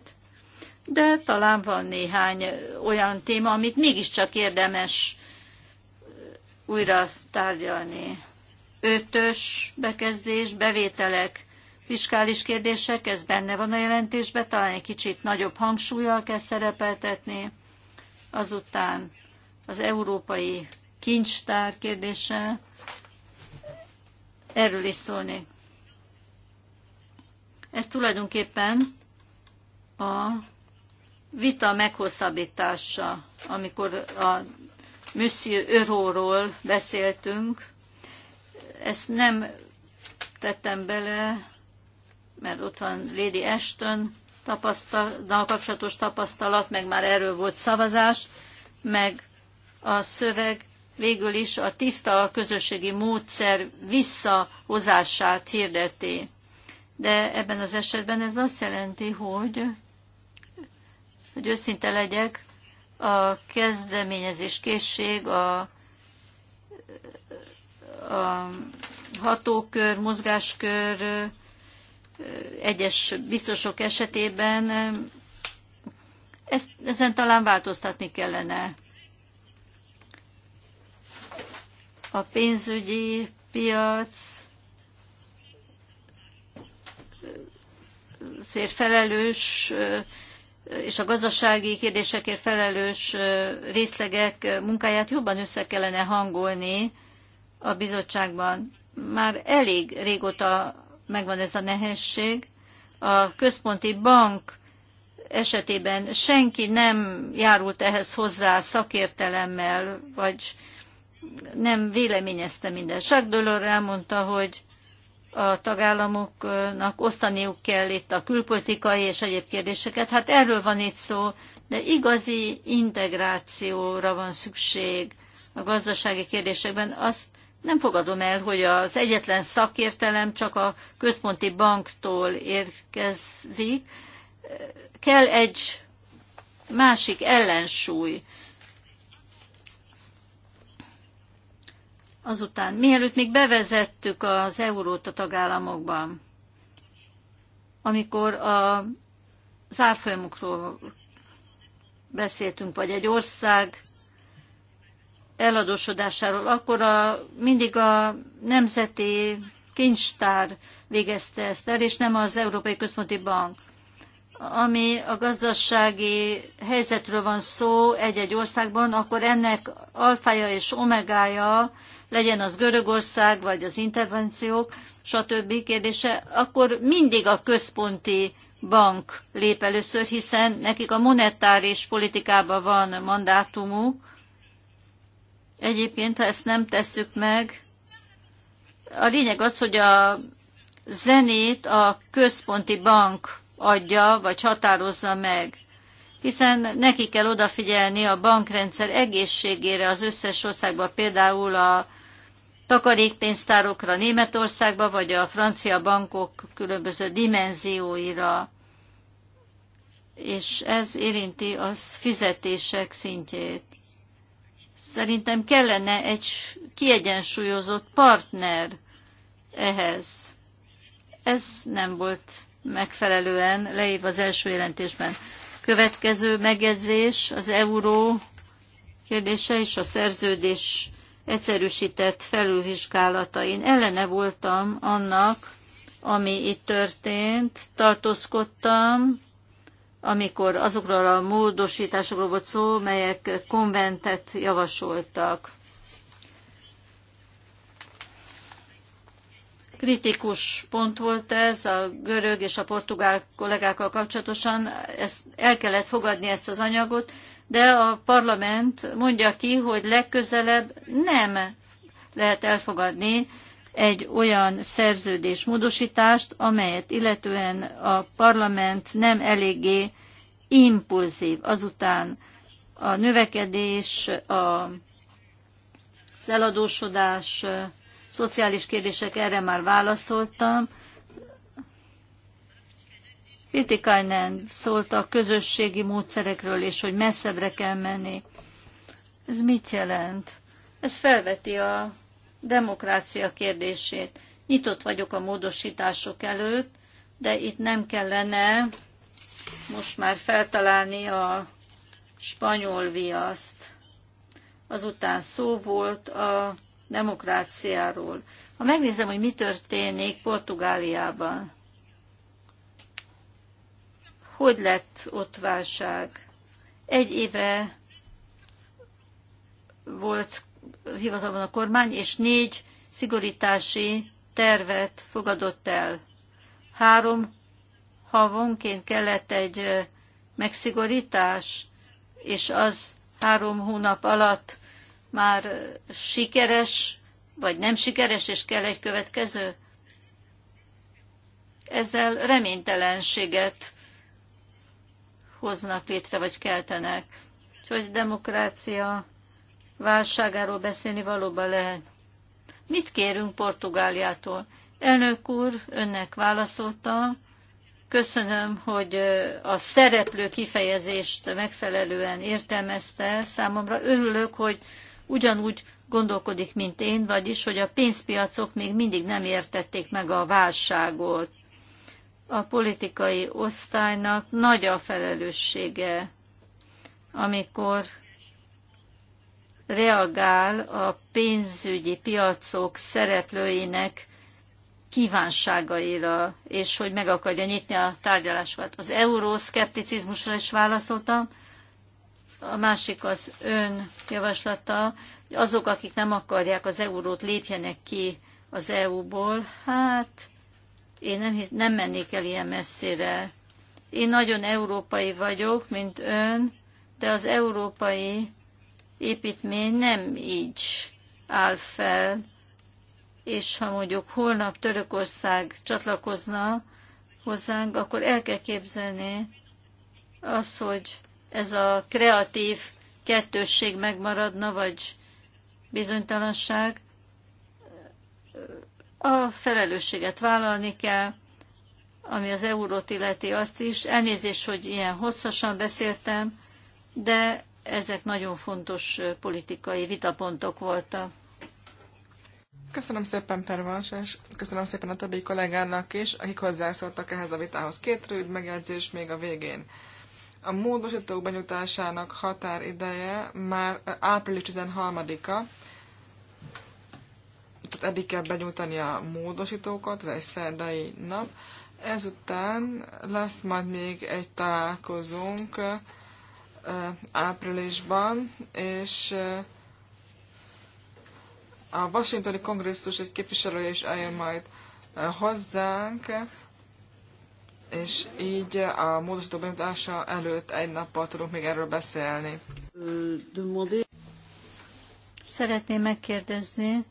de talán van néhány olyan téma, amit mégiscsak érdemes újra tárgyalni. Ötös bekezdés, bevételek, fiskális kérdések, ez benne van a jelentésben, talán egy kicsit nagyobb hangsúlyjal kell szerepeltetni. Azután az európai kincstár kérdése, erről is szólnék. Ez tulajdonképpen a vita meghosszabbítása, amikor a Monsieur Euróról beszéltünk, ezt nem tettem bele, mert ott van Lady Ashton tapasztal, kapcsolatos tapasztalat, meg már erről volt szavazás, meg a szöveg végül is a tiszta közösségi módszer visszahozását hirdeti. De ebben az esetben ez azt jelenti, hogy hogy őszinte legyek, a kezdeményezés készség, a, a hatókör, mozgáskör egyes biztosok esetében ezt, ezen talán változtatni kellene. A pénzügyi piac szér felelős és a gazdasági kérdésekért felelős részlegek munkáját jobban össze kellene hangolni a bizottságban. Már elég régóta megvan ez a nehézség. A központi bank esetében senki nem járult ehhez hozzá szakértelemmel, vagy nem véleményezte minden. Jacques Delors elmondta, hogy a tagállamoknak osztaniuk kell itt a külpolitikai és egyéb kérdéseket. Hát erről van itt szó, de igazi integrációra van szükség a gazdasági kérdésekben. Azt nem fogadom el, hogy az egyetlen szakértelem csak a központi banktól érkezik. Kell egy másik ellensúly azután, mielőtt még bevezettük az eurót a tagállamokban, amikor a zárfolyamokról beszéltünk, vagy egy ország eladósodásáról, akkor a, mindig a nemzeti kincstár végezte ezt el, és nem az Európai Központi Bank. Ami a gazdasági helyzetről van szó egy-egy országban, akkor ennek alfája és omegája legyen az Görögország, vagy az intervenciók, stb. kérdése, akkor mindig a központi bank lép először, hiszen nekik a monetáris politikában van mandátumú. Egyébként, ha ezt nem tesszük meg, a lényeg az, hogy a zenét a központi bank adja, vagy határozza meg hiszen neki kell odafigyelni a bankrendszer egészségére az összes országban, például a takarékpénztárokra Németországba, vagy a francia bankok különböző dimenzióira, és ez érinti az fizetések szintjét. Szerintem kellene egy kiegyensúlyozott partner ehhez. Ez nem volt megfelelően leírva az első jelentésben. Következő megjegyzés az euró kérdése és a szerződés egyszerűsített felülvizsgálatain. Ellene voltam annak, ami itt történt, tartózkodtam, amikor azokról a módosításokról volt szó, melyek konventet javasoltak. Kritikus pont volt ez a görög és a portugál kollégákkal kapcsolatosan, ezt el kellett fogadni ezt az anyagot, de a parlament mondja ki, hogy legközelebb nem lehet elfogadni egy olyan szerződés módosítást, amelyet illetően a parlament nem eléggé impulzív. Azután a növekedés, a, az eladósodás, szociális kérdések, erre már válaszoltam. Étikainen szólt a közösségi módszerekről, és hogy messzebbre kell menni. Ez mit jelent? Ez felveti a demokrácia kérdését. Nyitott vagyok a módosítások előtt, de itt nem kellene most már feltalálni a spanyol viaszt. Azután szó volt a demokráciáról. Ha megnézem, hogy mi történik Portugáliában, hogy lett ott válság. Egy éve volt hivatalban a kormány, és négy szigorítási tervet fogadott el. Három havonként kellett egy megszigorítás, és az három hónap alatt már sikeres, vagy nem sikeres, és kell egy következő. Ezzel reménytelenséget hoznak létre, vagy keltenek. Úgyhogy demokrácia válságáról beszélni valóban lehet. Mit kérünk Portugáliától? Elnök úr, önnek válaszolta. Köszönöm, hogy a szereplő kifejezést megfelelően értelmezte számomra. Örülök, hogy ugyanúgy gondolkodik, mint én, vagyis, hogy a pénzpiacok még mindig nem értették meg a válságot a politikai osztálynak nagy a felelőssége, amikor reagál a pénzügyi piacok szereplőinek kívánságaira, és hogy meg akarja nyitni a tárgyalásokat. Az euroszkepticizmusra is válaszoltam, a másik az ön javaslata, hogy azok, akik nem akarják az eurót, lépjenek ki az EU-ból. Hát én nem, nem mennék el ilyen messzire. Én nagyon európai vagyok, mint ön, de az európai építmény nem így áll fel, és ha mondjuk holnap Törökország csatlakozna hozzánk, akkor el kell képzelni az, hogy ez a kreatív kettősség megmaradna, vagy bizonytalanság, a felelősséget vállalni kell, ami az eurót illeti azt is. Elnézést, hogy ilyen hosszasan beszéltem, de ezek nagyon fontos politikai vitapontok voltak.
Köszönöm szépen, Pervas, és köszönöm szépen a többi kollégának is, akik hozzászóltak ehhez a vitához. Két rövid megjegyzés még a végén. A módosítók benyújtásának határideje már április 13-a, tehát eddig kell benyújtani a módosítókat, ez egy szerdai nap. Ezután lesz majd még egy találkozónk áprilisban, és a Washingtoni kongresszus egy képviselő is eljön majd hozzánk, és így a módosító bemutása előtt egy nappal tudunk még erről beszélni.
Szeretném megkérdezni,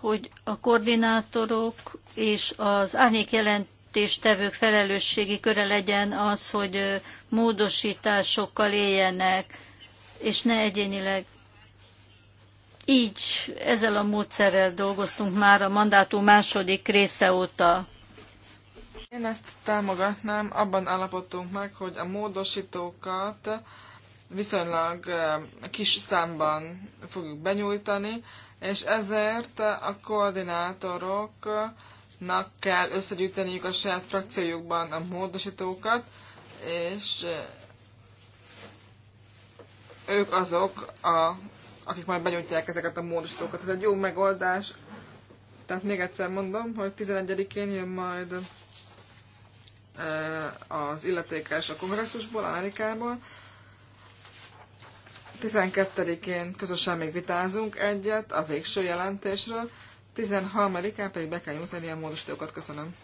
hogy a koordinátorok és az árnyékjelentéstevők felelősségi köre legyen az, hogy módosításokkal éljenek, és ne egyénileg. Így ezzel a módszerrel dolgoztunk már a mandátum második része óta.
Én ezt támogatnám, abban állapodtunk meg, hogy a módosítókat viszonylag kis számban fogjuk benyújtani, és ezért a koordinátoroknak kell összegyűjteniük a saját frakciójukban a módosítókat, és ők azok, a, akik majd benyújtják ezeket a módosítókat. Ez egy jó megoldás. Tehát még egyszer mondom, hogy 11-én jön majd az illetékes a kongresszusból, Amerikából, 12-én közösen még vitázunk egyet a végső jelentésről, 13-án pedig be kell nyújtani a módosítókat. Köszönöm.